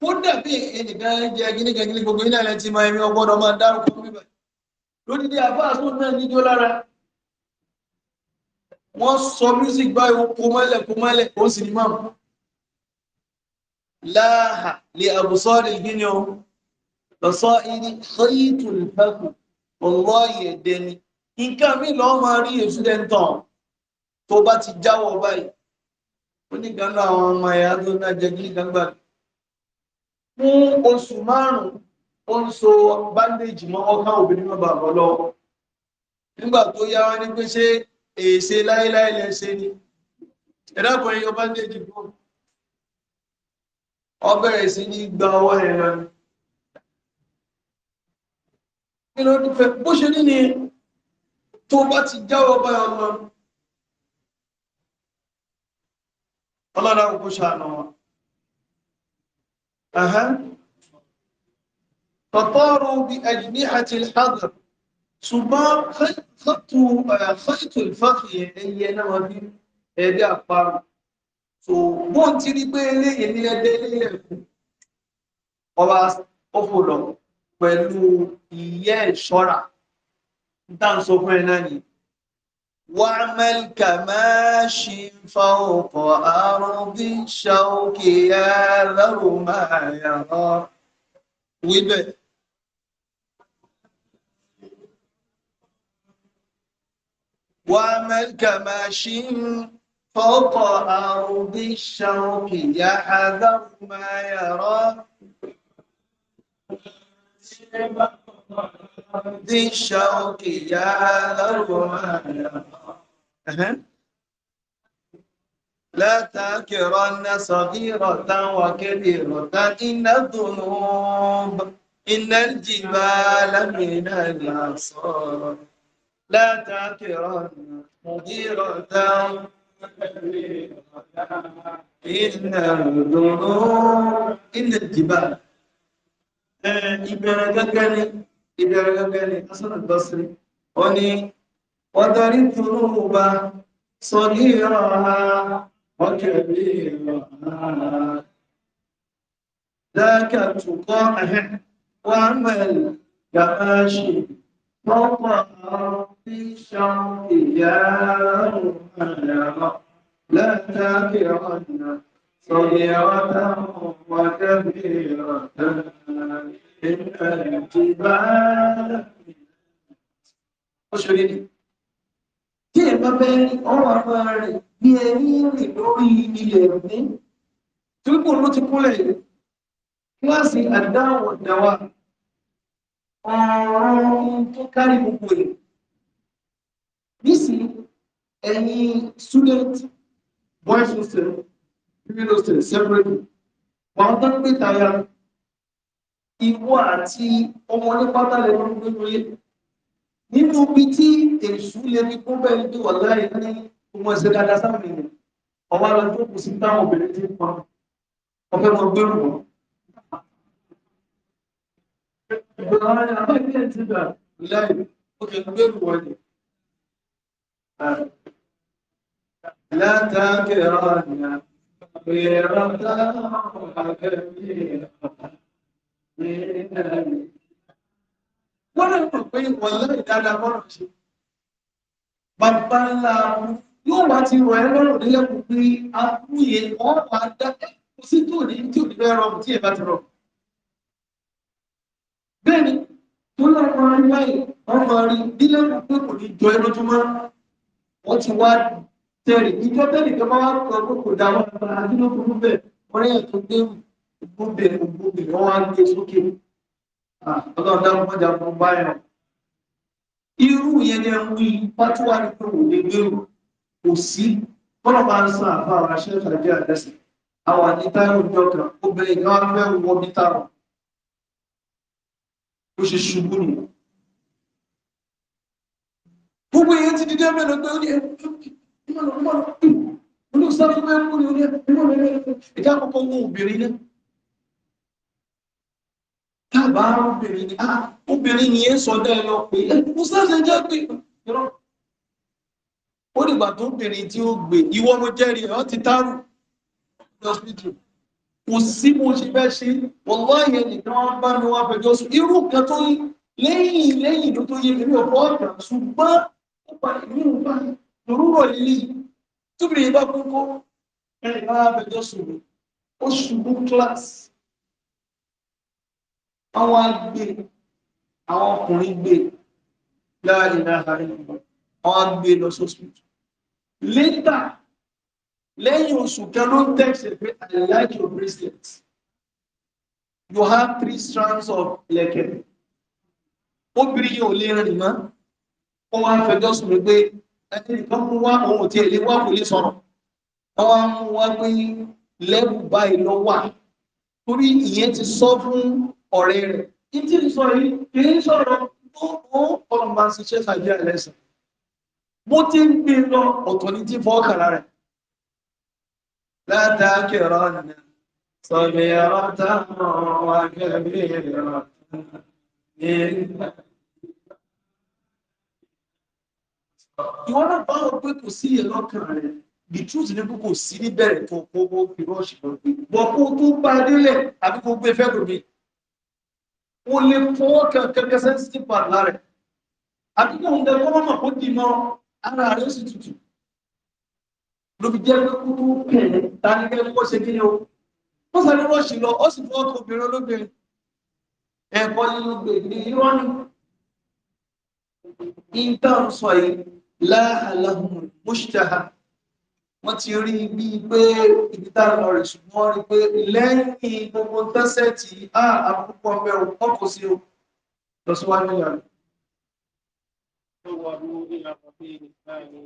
kó dàbí ẹnìkan jẹ gíníkan gíní gbogbo ilé ẹ̀rẹ́ ti máa ẹ̀mí ọgbọ́dọ̀ máa dárúkọ bíbẹ̀ lódìdí àbá àsọ náà níjó lára wọ́n sọ music báyìí kó mọ́lẹ̀ kó mọ́lẹ̀ ó sì ní máa mú láàhà lè àbùsọ́rì gíní o lọ́sọ́ irí ṣọ́yìtù ìfẹ́kù ọ̀rọ̀ ìyẹ̀dẹ́ ni nǹkan mi lọ́ máa rí èsúdẹ́ntàn tó bá ti jáwọ́ báyìí onígbàlá àwọn ọmọ ẹ̀yà tó ná jẹ gínígbàgbà fún oṣù márùn-ún ó ń so bandage mọ́wọ́ ká obìnrin mọ́ bàbá lọ́wọ́ nígbà tó yá wá ní pé ṣé èsè láéláé lẹ́sẹ̀ ni ẹ̀dá kan yọ bandage fún un ọbẹ̀rẹ̀ sí ní gba ọwọ́ yẹn lọ kí ló dúpẹ́ bó ṣe ní ni tó bá ti jáwọ́ bá ọmọ ọlọ́dà kò ṣàánú wọn tọ́tọ́rọ bí ẹjìní àti ìhádùn ṣùgbọ́n kọ́ìtù ìfáfìyẹ ẹyẹ náà bí ẹbí àparùn so bó ń ti rí pé eléyìí ní ẹdẹ ilẹ̀ fún ọba ó fò lọ pẹ̀lú ìyẹ́ ìṣọ́ra dáhùn sọ fún ẹ náà ni wàmẹ́l kàmáṣí fọ́ọ̀kọ̀ ṣàókè alárùmáyàrá wíbẹ̀ wàmẹ́l kàmáṣí فوق أرض الشوق يحذر ما يرى أرض الشوق يحذر ما يرى لا تكرن صغيرة وكبيرة إن الذنوب إن الجبال من الأعصار لا تكرن صغيرة Iná jìbá. Ìbẹ̀rẹ̀ gẹ́gẹ́ ni, ìbẹ̀rẹ̀ gẹ́gẹ́ ni, Asana Basri, ó ní, Wàtàrí tùrù bá sọ ní ìrọ̀ha, wọ́kẹ̀lẹ̀ ìrọ̀ha. Dákàtùkọ́ àhẹ́, wà mẹ́lẹ̀ gàmáṣì. فوق أرض الشرق جار أنام لا تكرن صغيرة وكبيرة من الجبال Oṣèlérí, tí ẹ bá bẹ́ rí ọwọ́ àmà rẹ̀ bí ẹni rìn lórí ilẹ̀ ní, tí ó kò ló ti kúnlẹ̀ kíláàsì àdáwọ̀ dáwà ọ̀rọ̀ tó kárí gbogbo rẹ̀. Nísìnyí, ẹ̀yin student boys hostel, women hostel, separate, wọ́n tó ń pè tayà ìwọ àti ọmọ ní pátá lẹ́nu gbogbo yẹn. Nínú ibi tí èṣù lè ní kó bẹ́ẹ̀ tó wà láì ní ọmọ ẹsẹ̀ dáadáa sáàmì ọwọ́ àlọ́ tó kù sí táwọn obìnrin ti ń pa ọ̀fẹ́ mọ gbẹ́rù wọn. لا تكرهنا غير طاعك wọ́n lè pọ̀ pé wọ́n lè dáadáa mọ́rọ̀ ṣe bàbá ńlá yóò wá ti rọ̀ ẹ́ lọ́rùn nílẹ̀kùn pé abúyé wọ́n wá dá kò sí tó ní tí ò ní fẹ́ rọrùn tí ẹ bá ti rọrùn bẹ́ẹ̀ ni tó lọ́pọ̀ rí báyìí wọ́n máa rí nílẹ̀ pé kò ní jọ ẹnu tó máa wọ́n ti wá tẹ̀rì ìjọ tẹ́lì tó máa wá kọ́ pé kò dá wọn lọ adínlógún bẹ́ẹ̀ wọ́n rí ẹ̀tọ́ gbé gbóbẹ̀ gbóbẹ̀ wọ́n wá ń gbé sókè ọlọ́run dáhùn mọ́jà fún báyọ̀ irú yẹn ni ẹ̀mú yìí pátúwà ní pé kò lè gbèrò kò sí bọ́lá máa ń san àfa àwọn aṣẹ́ ìtàgé àdẹ́sẹ̀ àwọn àdítà ìròjọ kan obìnrin kan wá fẹ́ wọ bí táwọn bó ṣe ṣubú nù gbogbo èyàn ti dídé mẹ́lẹ̀ pé ó ní ẹ̀mọ́lọ́mọ́lọ́ sáfún mẹ́rin ní orí ẹ̀mọ́lọ́mọ́lọ́ ìdá àkọ́kọ́ obìnrin náà tàbá obìnrin ni ah obìnrin ni pé ẹ̀kọ́ sáfún jẹ́ pé irọ́ kò sí mo ṣe fẹ́ ṣe wọ́n wáyé nìkan wọ́n bá mi wá fẹjọ́ sùn irú nǹkan tó yí lẹ́yìn lẹ́yìn ló tó yé mi ọ̀pọ̀ ọ̀tàn ṣùgbọ́n ó pa ìlú ìgbà lórúkọ lílé túbìrì yìí kókó ẹ̀rìn bá fẹjọ́ sùn ó ṣubú kíláàsì àwọn agbè àwọn ọkùnrin gbé láàrin láàrin àwọn agbè lọ sọ́sùn létà lẹ́yìn oṣù kan ló ń pé I like your bracelet you have three strands of lẹ̀kẹ̀ obìnrin yóò lè rìn mọ́ wọ́n wá fẹjọ́ sùn pé ẹni kan mú wá òun ò tiẹ̀ lè wá kò lè sọ̀rọ̀ wọ́n wá mú wá pé lẹ́bù báyìí lọ wà torí ìyẹn ti sọ fún ọ̀rẹ́ rẹ̀ ìtì sọ yìí kì í sọ̀rọ̀ tó ó ọ̀rọ̀ máa ń ṣiṣẹ́ sàjẹ́ àlẹ́sàn bó ti ń gbé lọ ọ̀tọ̀ ní tí fọ́ kàrà rẹ̀ لتذكرن صغيرة وكبيرة Ìwọ́n náà bá wọ́n pé kò sí ìlọ́kàn rẹ̀, the truth ní kò sí ní bẹ̀rẹ̀ tó kó bó fi rọ́ọ̀ṣì lọ. Bọ̀ kó tó bá délẹ̀ àbí kó gbé fẹ́rù mi. O lè fọwọ́ kan kẹ́kẹ́ sensitive part lára. Àdúgbò ń bẹ kọ́ kó dì mọ́ ara rẹ̀ sì tutù ló fi jẹ́ pé kúrú tánikẹ́ kó ṣe kí ni o wọ́n sáré rọ́ọ̀ṣì lọ ó sì fọ́ obìnrin olóbìnrin ẹ̀kọ́ nínú gbèdé irọ́ ni intan sọ yìí láàlàhùn mùsùtàhà wọ́n ti rí bí pé ibi tá a lọ rẹ̀ ṣùgbọ́n rí pé lẹ́yìn gbogbo tẹ́sẹ̀tì á àkókò mẹ́rù pọ́pọ̀ sí o lọ síwájú ìyàwó.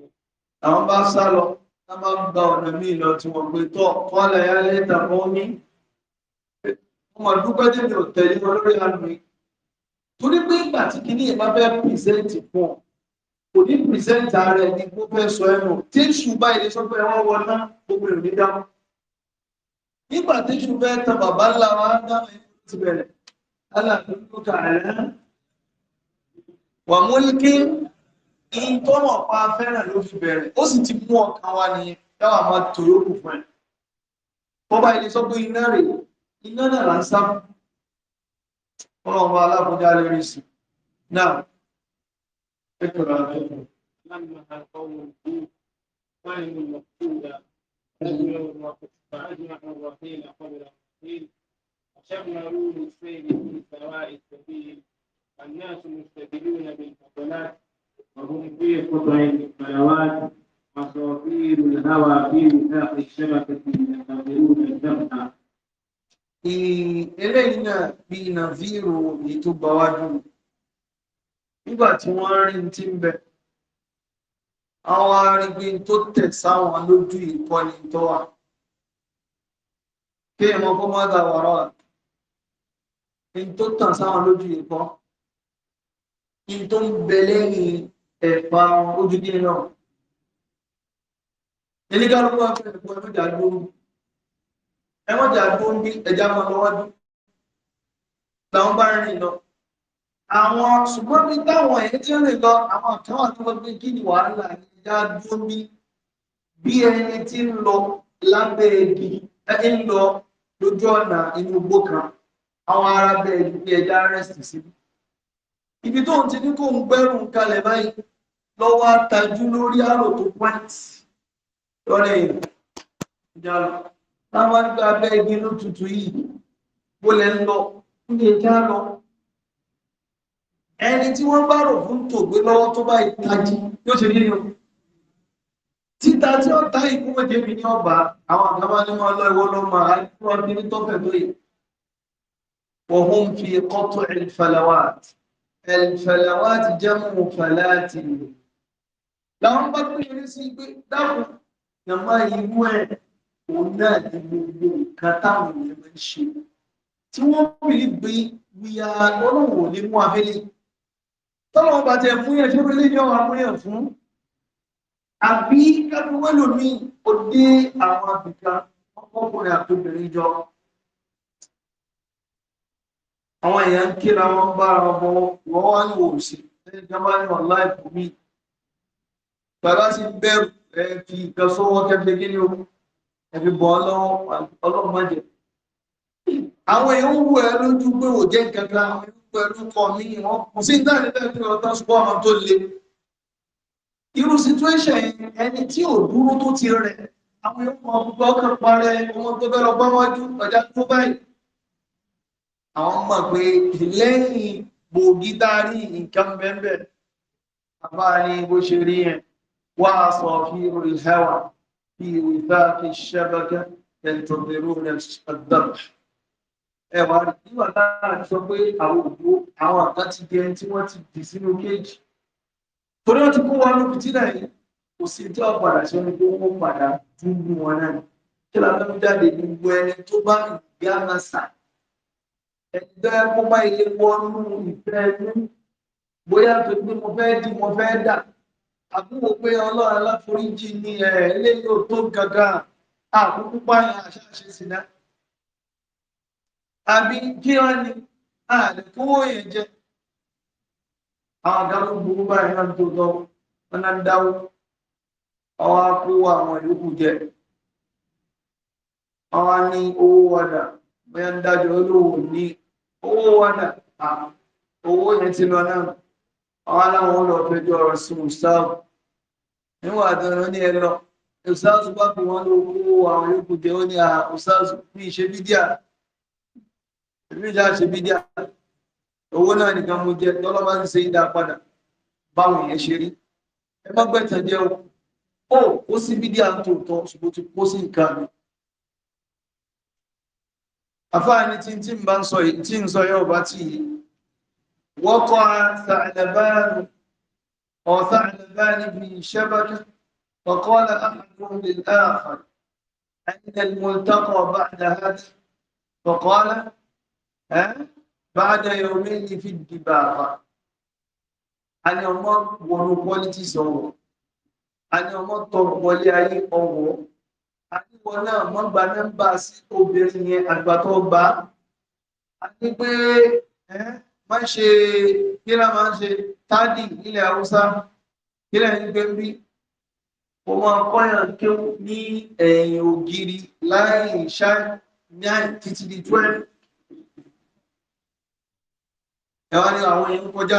àwọn bá sá lọ tá bá gba ọ̀nà míì lọ tí wọ́n gbé tọ́ tọ́lẹ̀ yá lẹ́tà mọ́ ní ọmọ dúpẹ́ tí mi ò tẹ̀lé wọn lórí àmì torí pé ìgbà tí kìíní ìbá fẹ́ pìrìsẹ́ǹtì fún ọ kò ní pìrìsẹ́ǹtì ààrẹ ní kó fẹ́ sọ ẹnu tíṣù báyìí lè sọ pé ẹwọ́n wọná gbogbo èrò ní dáhùn nígbà tíṣù fẹ́ tan bàbá ńlá wa dáhùn ti bẹ̀rẹ̀ alàdúgbò kàrẹ́ wàmúlíkì in tó mọ̀ pa fẹ́ràn ló fi bẹ̀rẹ̀ ó sì ti mú ọkàn wa ní yàwó àwọn tòyókù fún ẹ̀ bọ́ ilé sọ pé iná rè iná náà là ń sá fún ọlọ́run alábọ́já lérí sí náà ẹ̀kọ́ rà lẹ́kọ̀ọ́ láàrín àkọ́kọ́ wọn kú láàrín ìmọ̀kú rà lẹ́yìn ọ̀rọ̀ àkọ́kọ́ àjọ àwọn àfihàn àkọ́bẹ̀rẹ̀ àfihàn أشملوا للسير في سواء السبيل الناس مستبدلون بالفضلات وهم في قطع الحيوات وصافير الهوى في وثاق الشبكة ينتظرون الذبح eléyìí náà bí nàvíìrò èyí tó gba wájú nígbà tí wọ́n rí ti ń bẹ àwọn arìnrìn tó tẹ̀ sáwọn lójú ìkọni tó wà kí ẹmọ kó má dà wọ́rọ̀ ní tó tàn sáwọn lójú ìkọ́ ní tó ń bẹ lẹ́yìn ẹ̀fà ojú díẹ̀ náà. Eníkàlùkù afẹ́ ẹ̀fọ́ ẹ̀fọ́ ìjà dúró. Ẹ̀wọ́n ìjà dúró ń bí ẹja máa lọ́wọ́ dún. Làwọn bá rìn lọ. Àwọn ṣùgbọ́n bí táwọn èyí tí ń rìn lọ, àwọn kan tó lọ pé kí ni wàhálà ìjà dúró ń bí bí ẹni tí ń lọ lábẹ́ igi ẹ ń lọ lójú ọ̀nà inú igbó kan. Àwọn arábẹ́ igi ẹja rẹ̀ sì síbi. Ibi tó ń ti ní kó ń gbẹ́rù kalẹ̀ báyìí lọ́wọ́ tajú lórí àrò tó pọ́ǹtì lọ́rẹ̀ ìjàlọ táwọn àgbà abẹ́ igi ló tutù yìí bó lẹ́ ń lọ ń lè já lọ ẹni tí wọ́n bá rò fún tògbé lọ́wọ́ tó bá ìtají yóò ṣe nínú títa tí ó ta ìkúwèjé mi ní ọba àwọn àgbà ní wọn lọ ìwọ ló àìkú ọdún ní tọ́fẹ̀ tó yẹ وهم في قطع الفلوات الفلوات جمع فلات làwọn bá pèlérí sí pé dáhùn yàmá irú ẹ̀ òun náà ni gbogbo nǹkan táwọn èèyàn máa ń ṣe tí wọ́n bìrì gbé wíyá lọ́lọ́wọ́ ní mú abẹ́lé tọ́lọ́wọ́ bá tẹ fún yẹn ṣé wọlé ní ọ̀rọ̀ amúyẹ̀ fún àbí káfíwé lómi òde àwọn abìkan ọkọkùnrin àti obìnrin jọ àwọn èèyàn ń kíra wọn bára wọn wọ́n wá ní òòsì ẹni tí wọ́n bá ní ọ̀la ìfòmíì bàbá ti bẹ̀rù ẹ fi nǹkan sọ́wọ́ kẹfẹ́ kí ni o ẹbí bọ́ ọlọ́run má jẹ. àwọn èèyàn ń wù ẹ lójú pé ò jẹ́ nǹkan kan àwọn èèyàn ń wù ẹ lóko mi wọn kò sí ní dáàbí bẹ́ẹ̀ tí wọ́n tán sọ́wọ́ àwọn tó le. irú situation ẹni tí ò dúró tó ti rẹ̀ àwọn èèyàn kan gbọ́ kan parẹ́ ọmọ tó bẹ́ẹ̀ lọ bá wájú ọjà tó báyìí. àwọn mọ̀ pé lẹ́yìn gbòógì dárí nǹkan bẹ́ẹ̀ bẹ́ẹ̀ bàbá ni bó ṣe rí yẹn. وعصافير الهوى في وفاق الشبكة ينتظرون الذبح ẹwà nígbà láàrin sọ pé àwọn òbó àwọn àgbà ti di ẹni tí wọ́n ti dì sínú kéèjì torí wọ́n ti kó wọn lóbi tí náà yìí kò sí tí wọ́n padà sọ ni pé padà dúró wọn náà kí la fẹ́ mú jáde gbogbo ẹni tó bá ìgbé àmàṣà ẹgbẹ́ kó bá ilé wọnú ìfẹ́ ẹnu bóyá tó ní mo fẹ́ dì mo fẹ́ dà àkúwò pé ọlọ́run aláforíjì ní ẹ̀ eléyìí tó gangan àkókò páyà àṣàṣe síná àbí kí wọ́n ní àdìkúwò yẹn jẹ àwọn àdáwò gbogbo báyìí náà tó lọ wọn náà dáwó ọwọ́ àkúwò àwọn ìlúkù jẹ ọwọ́ ní owó wàdà bóyá ń dájọ́ olówó ní owó wàdà owó yẹn ti lọ náà. àwọn aláwọn lọ péjọ ọ̀rọ̀ sí ìsáàbù níwà àdánà ní ẹlọ ìsáàbù bá fi wọn ló kó àwọn yòókù jẹ ó ní à ìsáàbù ní ìṣe bídíà èmi ìjà ṣe bídíà owó náà nìkan mo jẹ ń padà báwọn yẹn ṣe rí ẹ má o ó sí bídíà ṣùgbọ́n ti kó sí nǹkan mi àfáàní وقع ثعلبان وثعلبان في شبكة فقال أحدهم للآخر أن الملتقى بعد هذا فقال ها بعد يومين في الدباغة أنا ما ونقولتي سوى أنا ما تقولي أي أوه أنا náà ما gba nọ́mbà sí obìnrin yẹn àgbà tó gbà wọ́n ṣe kí ló ṣe tádì nílẹ̀ haúsá kí lẹ́yìn bí mo máa kọ́yàn kéwú ní ẹ̀yìn ògiri láì ṣá ní títí di twelve ẹ̀wá ni àwọn èèyàn kọjá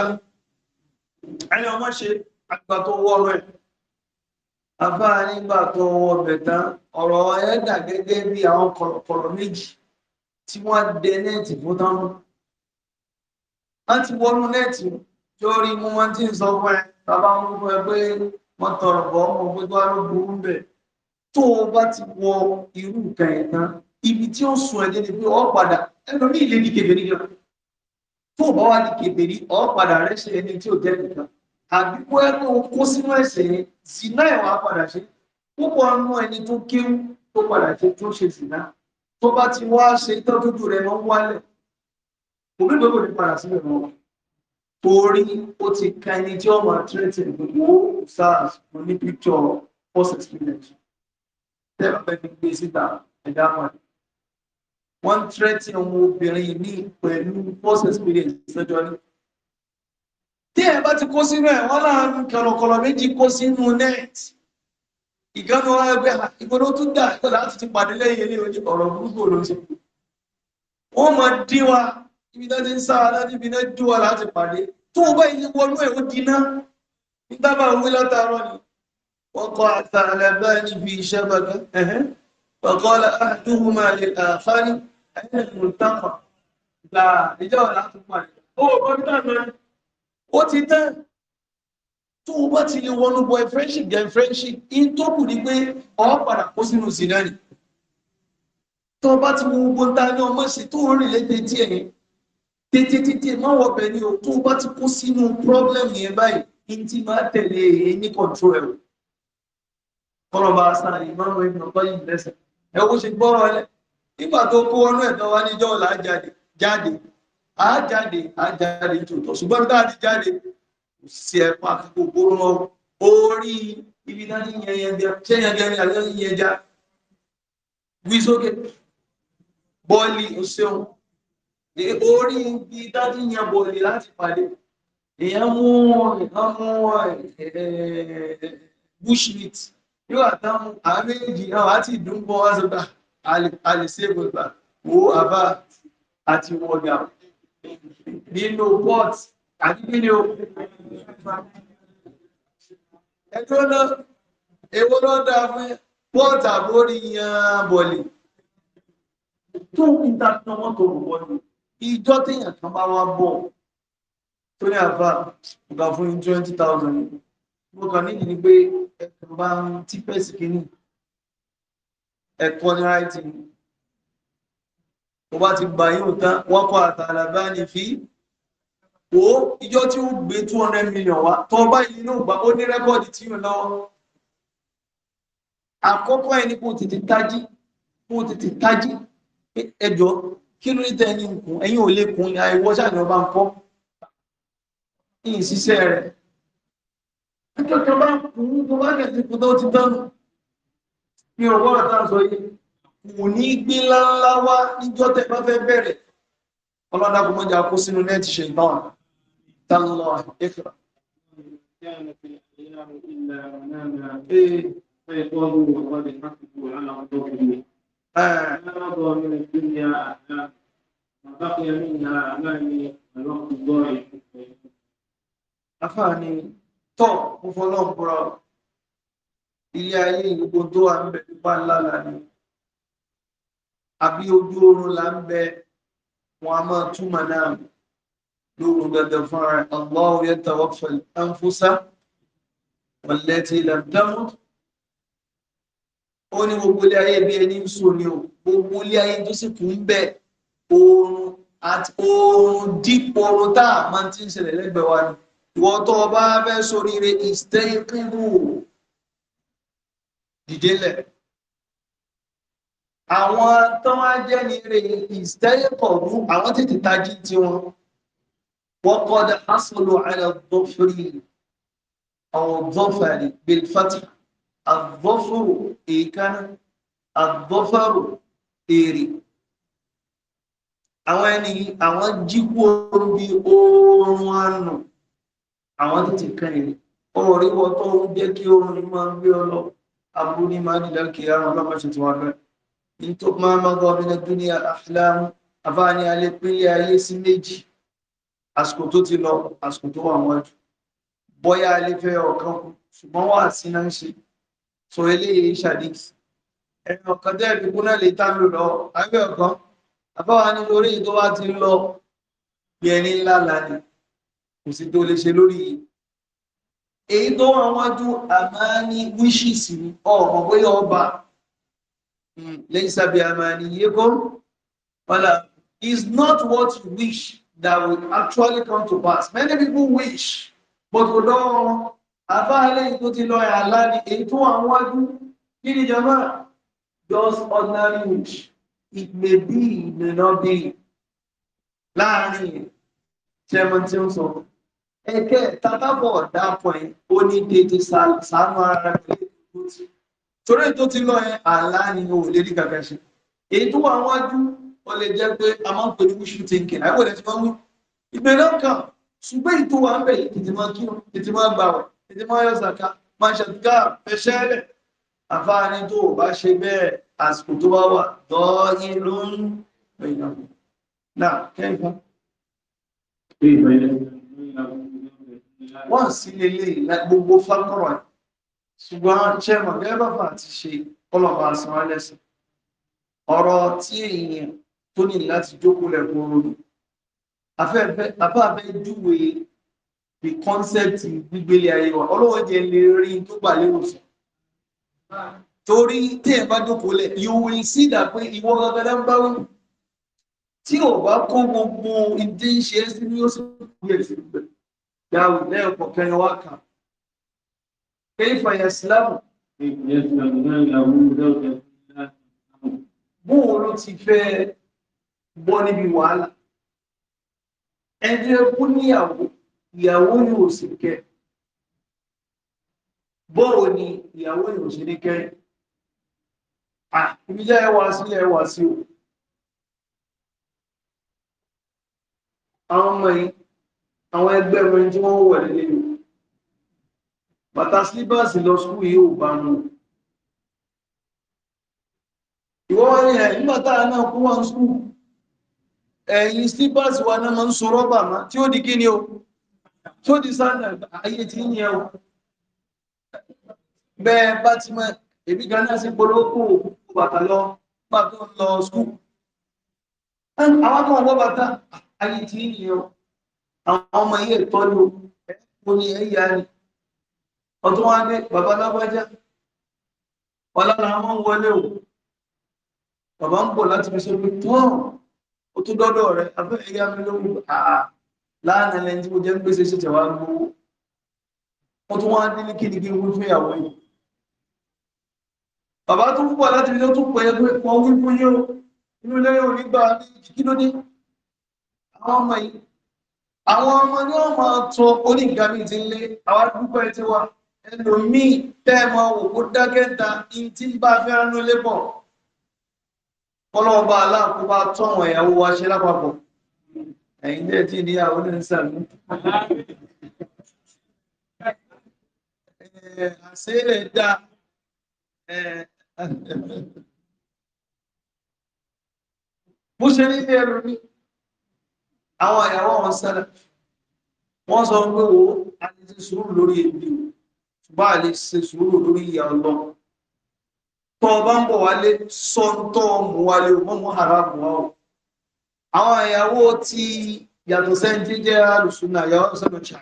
ẹni ọmọ ṣe àgbà tó wọ́ ọ̀rọ̀ ẹ̀ nígbà tó wọ́ ọbẹ̀ ọ̀rọ̀ ẹ̀ gẹ́gẹ́ bí àwọn kọ̀rọ̀kọ̀rọ̀ méjì tí wọ́n dẹ fún táwọn wọ́n ti wọnú nẹ́ẹ̀tì lórí mú wọn tí ń sọ fún ẹ bàbá mú fún ẹ pé wọ́n tọrọ bọ́ ọmọ pé tó wá ló burú ń bẹ̀ tó o bá ti wọ irú nǹkan ẹ̀ tán ibi tí ó sùn ẹ̀jẹ̀ ni pé ọ́ padà ẹnu ní ilé ní kèbèrí gan tó o bá wà ní kèbèrí ọ́ padà rẹ̀ ṣe ẹni tí ò jẹ́ nìkan àbí kó ẹ kó o kó sínú ẹ̀sẹ̀ yẹn zina ẹ̀ wá padà ṣe púpọ̀ nínú ẹni tó kéwú tó padà ṣe tó ṣe zina tó bá ti wá ṣe tọ́jú rẹ̀ lọ́ wálẹ̀ onígbogbo ní padà sílẹ̀ wọn torí ó ti ka ẹni tí ọmọ tírẹ́tì gbogbo sars mo ní píkítọ̀ first experience tẹ́lẹ̀ bẹ́ẹ̀ ni gbé e síta ẹ̀dá wọn wọ́n tírẹ́tì ọmọ obìnrin ní pẹ̀lú first experience lọ́jọ́ ní tí ẹ bá ti kó sínú ẹ̀ wọ́n láàrin kọ̀lọ̀kọ̀lọ̀ méjì kó sínú nẹ́ẹ̀tì ìgánu ẹgbẹ́ ah, ìgbóná tún dà láti ti pàdé lẹ́yìn ilé ọ̀rọ̀ gbogbo ló ń ṣe wọ́n máa dín wa ibi náà ti ń sáadá níbi náà jùwà láti pàdé tó bá yí wọnú ẹ̀ ó dínà ìdábà wí látàárọ̀ ni wọ́n kọ́ àtàrà báyìí níbi iṣẹ́ bàgá ọ̀kọ́lá àdúgbò máa lè àfárí ẹ̀yẹ́dùn tápà gbà ìjọ láti pàdé ó wọ́n tán náà ó ti tán tó bá ti lè wọnú boyfriendship girlfriendship in tó kù ní pé ọ̀ padà kó sínú sí tó bá ti wo gbogbo ní ọmọ ṣe tó rìn lédè tí ẹ̀yìn tètè tètè má wọ bẹ̀ ni o tó o bá ti kó sínú problem yẹn báyìí ní ti máa tẹ̀lé èyí e ní control ẹ̀ o. bọ́rọ̀ bá a sàn ìmọ̀ràn ìmọ̀ nǹkan yìí lẹ́sẹ̀ ẹ wo ṣe gbọ́rọ̀ ẹ nígbà tó kó ọnú ẹ̀tàn wá níjọ́ ọ̀la jáde jáde á jáde á jáde tòótọ́ ṣùgbọ́n tá a ti jáde kò sí ẹ pa gbogbo lọ orí ibi náà ní yẹn yẹn ṣé yẹn yẹn àlẹ́ yẹn já wí sókè bọ́ọ̀lì ọ̀ṣẹ́wọ̀n orí ibi dájú yẹn bọ̀lì láti pàdé èèyàn mú ìkan mú eh, bushmeat yóò àtàwọn àméjì náà àti ìdúnbọ̀ wá sọ́gbà àlèṣe gbogbo wo àbá àti wọ̀gà nínú pot àti kí ni o ẹjọ́ náà èwo ló dáa fún pot àbórí yan bọ̀lì tó ń ta tọmọ́tò bọ̀lì ìjọ téèyàn kan bá wá bọ̀ tó ní àfà ìgbà fún ní twenty thousand mo ni pé ẹ̀kan bá ń tí pẹ́sì kínní ẹ̀kọ́ ní ráìtì mo bá ti gbà yín òtán wọ́n kọ́ àtàlà bá ní fi wo ìjọ tí ó gbé two hundred million wá tó ọba yìí nínú ìgbà ó ní rẹ́kọ́ọ̀dì tí yóò lọ́wọ́ àkọ́kọ́ ẹni kò tètè tají kò tètè tají ẹjọ́ kí ló ní tẹ́ni nkùn ẹ̀yìn ò lè kùn àìwọ́ sáàni ọba ń kọ́ ní ìṣiṣẹ́ rẹ̀ ẹjọ́ tó bá kùn tó bá kẹ̀ ti kù tó ti dánù ní ọwọ́ ọ̀tá sọ yìí kò ní gbé láńlá wá níjọ́ tẹ́ bá fẹ́ أعرض من الدنيا أعلام وبقي منها أمامي الوقت الضايع afáàní tọ mo fọlọ ń bọra ilé ayé gbogbo tó wà ń bẹ pípa ńlá là ní àbí ojú oorun là ń bẹ wọn a máa túmọ̀ náà lóòrùn dandan fúnra ẹ̀ allah yẹ tàwọn fẹlẹ anfusa wọlé tí ilẹ̀ dánwó ó ní gbogbo ilé ayé bí ẹni ń so ni o gbogbo ilé ayé tó sì kù ń bẹ oorun àti oorun dípò oorun tá a máa ti ń ṣẹlẹ̀ lẹ́gbẹ̀ẹ́ wa ni ìwọ tó o bá fẹ́ soríire ìstẹ́kìrù dìdélẹ̀ àwọn tó wá jẹ́ ní ire ìstẹ́kọ̀ọ́rù àwọn tètè tají tiwọn wọ́n kọ́ da hasolo ala dhufri àwọn dhufri àgbọ́fòrò èékánná àgbọ́fòrò èrè àwọn ẹni àwọn jíkú oorun bí oorun ànà àwọn tètè kan èrè ọrọ̀ rí wọ́n tó ń jẹ́ kí oorun máa ń gbé ọ lọ aburú ní máa dìdá kí àwọn ọlọ́mọ ṣe ti wọn fẹ́ nítorí máa máa gbọ́ ọmọ ẹgbẹ́ ní àfìlámù àbáni alẹ́ pínlẹ̀ ayé sí méjì àsìkò tó ti lọ àsìkò tó wà wọ́n jù bọ́yá alẹ́ fẹ́ ọ̀kan ṣùgbọ́n wà sí náà ń ṣe so eléyìí ṣàdíkì ẹ̀rìn ọ̀kan tẹ́ ẹ̀rìn kúnlẹ̀ lè tá lò lọ abẹ́ ọ̀kan àbáwá ní orí tó wá ti lọ bí ẹni ńlá lani kò sí tó lè ṣe lórí yìí èyí tó wà wájú àmà ní wishes ni ọ̀rọ̀ bóyá ọba lẹ́yìn sábẹ́ àmà ní yẹ́kọ́ is not what you wish that will actually come to pass many people wish but we don't àbá eléyìí tó ti lọ ẹ̀ àlá ni èyí tó àwọn wájú kí ni jọmọ́ just ordinary wood it may be it may not be láàrin jẹmọ tí ó sọ ẹkẹ tàbábọ ọdáàpọ ẹ ó ní déédéé sàánú ara rẹ pẹ̀lú torí tó ti lọ ẹ àlá ni o lè rí gàgà ṣe èyí tó wà wájú ó lè jẹ́ pé a máa ń pè ní wíṣù tí ń kìnnà ẹwọ lè ti máa ń wí ìgbẹ́ náà kàn ṣùgbọ́n èyí tó wà ń bẹ̀ tètè tètè máa gbà wẹ̀ ẹni máa yọ zaka máa ṣàtúkà ẹṣẹ́ rẹ̀ àfáàní tó o bá ṣe bẹ́ẹ̀ àsìkò tó bá wà dọ́ọ̀yí ló ń pè náà náà kẹ́ńtà. wọ́n sì lélẹ̀ ìlà gbogbo fákọ̀rọ̀ ẹ̀ ṣùgbọ́n chairman gẹ́gẹ́ bá fà ọ̀rọ̀ tí èèyàn tó ní láti jókòó lẹ́kọ̀ọ́ ròdù afẹ́ afẹ́ júwèé the concept gbígbélé ayé wa ọlọ́wọ́ jẹ́ lè rí tó gbà lérò sí torí tẹ́ ẹ bá dókòólẹ̀ you will see that pé ìwọ gangan bá wí tí ò bá kó gbogbo ìdí ṣe é sí ní ó sì kú ẹ̀ sí ibẹ̀ dáwù lẹ́yìn kọ̀ọ̀kan wá kàn kéyìn fàyà sílámù. bóun ló ti fẹ́ bọ́ níbi wàhálà ẹni ẹkú níyàwó ìyàwó ni ò sì kẹ́ bọ́wọ́ ni ìyàwó ni ò sì ní kẹ́ ibi jẹ́ ẹwà sí ẹwà sí o àwọn ọmọ yìí àwọn ẹgbẹ́ wọn tí wọ́n wọ̀ nílé mi bàtà sílíbàsì lọ sùkúù yìí ò bá mu ìwọ́n ẹ̀yìn sílíbàsì wa náà máa ń so rọ́bà má tí ó di kí ni o tó di sáàdà ayé tí ń yẹ o bẹ́ẹ̀ bá ti mọ èmi gan náà sí polókò bàtà lọ nígbà tó ń lọ skul àwọn kan wọ́n bàtà ayé tí ń yẹ o àwọn ọmọ yìí tọ́jú mo ní ẹ̀yà ni ọ̀tún wá dé bàbá lábájá ọlọ́run àwọn ń wọlé o bàbá ń bọ̀ láti fi ṣe pé tọ́ ọ tún dọ́dọ̀ rẹ abẹ́ ẹ̀yà mi ló wù áà láàrin ẹlẹ́ni tí mo jẹ́ ń pèsè ṣe tẹ̀wá gbówó mo tún wọ́n á dín ní kí ni kí n wí fún ìyàwó yìí bàbá tó púpọ̀ láti ilé tó pọ̀ ẹgbẹ́ wọn wí fún yóò inú ilé yóò nígbà kí ló dé àwọn ọmọ yìí àwọn ọmọ ní wọn máa tọ onígbàmí ti lé àwọn púpọ̀ ẹ ti wà ẹlòmíì tẹ́ ẹ máa wò ó dákẹ́ta ní tí ń bá fẹ́ràn ló lébọ̀ kọ́lọ́ọ̀bá aláàkóbá tọ̀wọ̀n ìyàwó wa ṣe lápapọ̀ ẹ̀yin dé tí ìníyàwó ní sàmú. àṣírí dá bó ṣe ní ilé ẹrù ní àwọn ìyàwó wọn sẹ́lẹ̀ wọ́n sọ pé wo a lè ṣe sùúrù lórí ń bọ̀ wálé sọ́ńtọ́ mú wálé o mọ́ mú haramu wa o. àwọn ìyàwó tí yàtọ̀ sẹ́ńtì jẹ́ alùsùnà ìyàwó sọ̀nà ṣà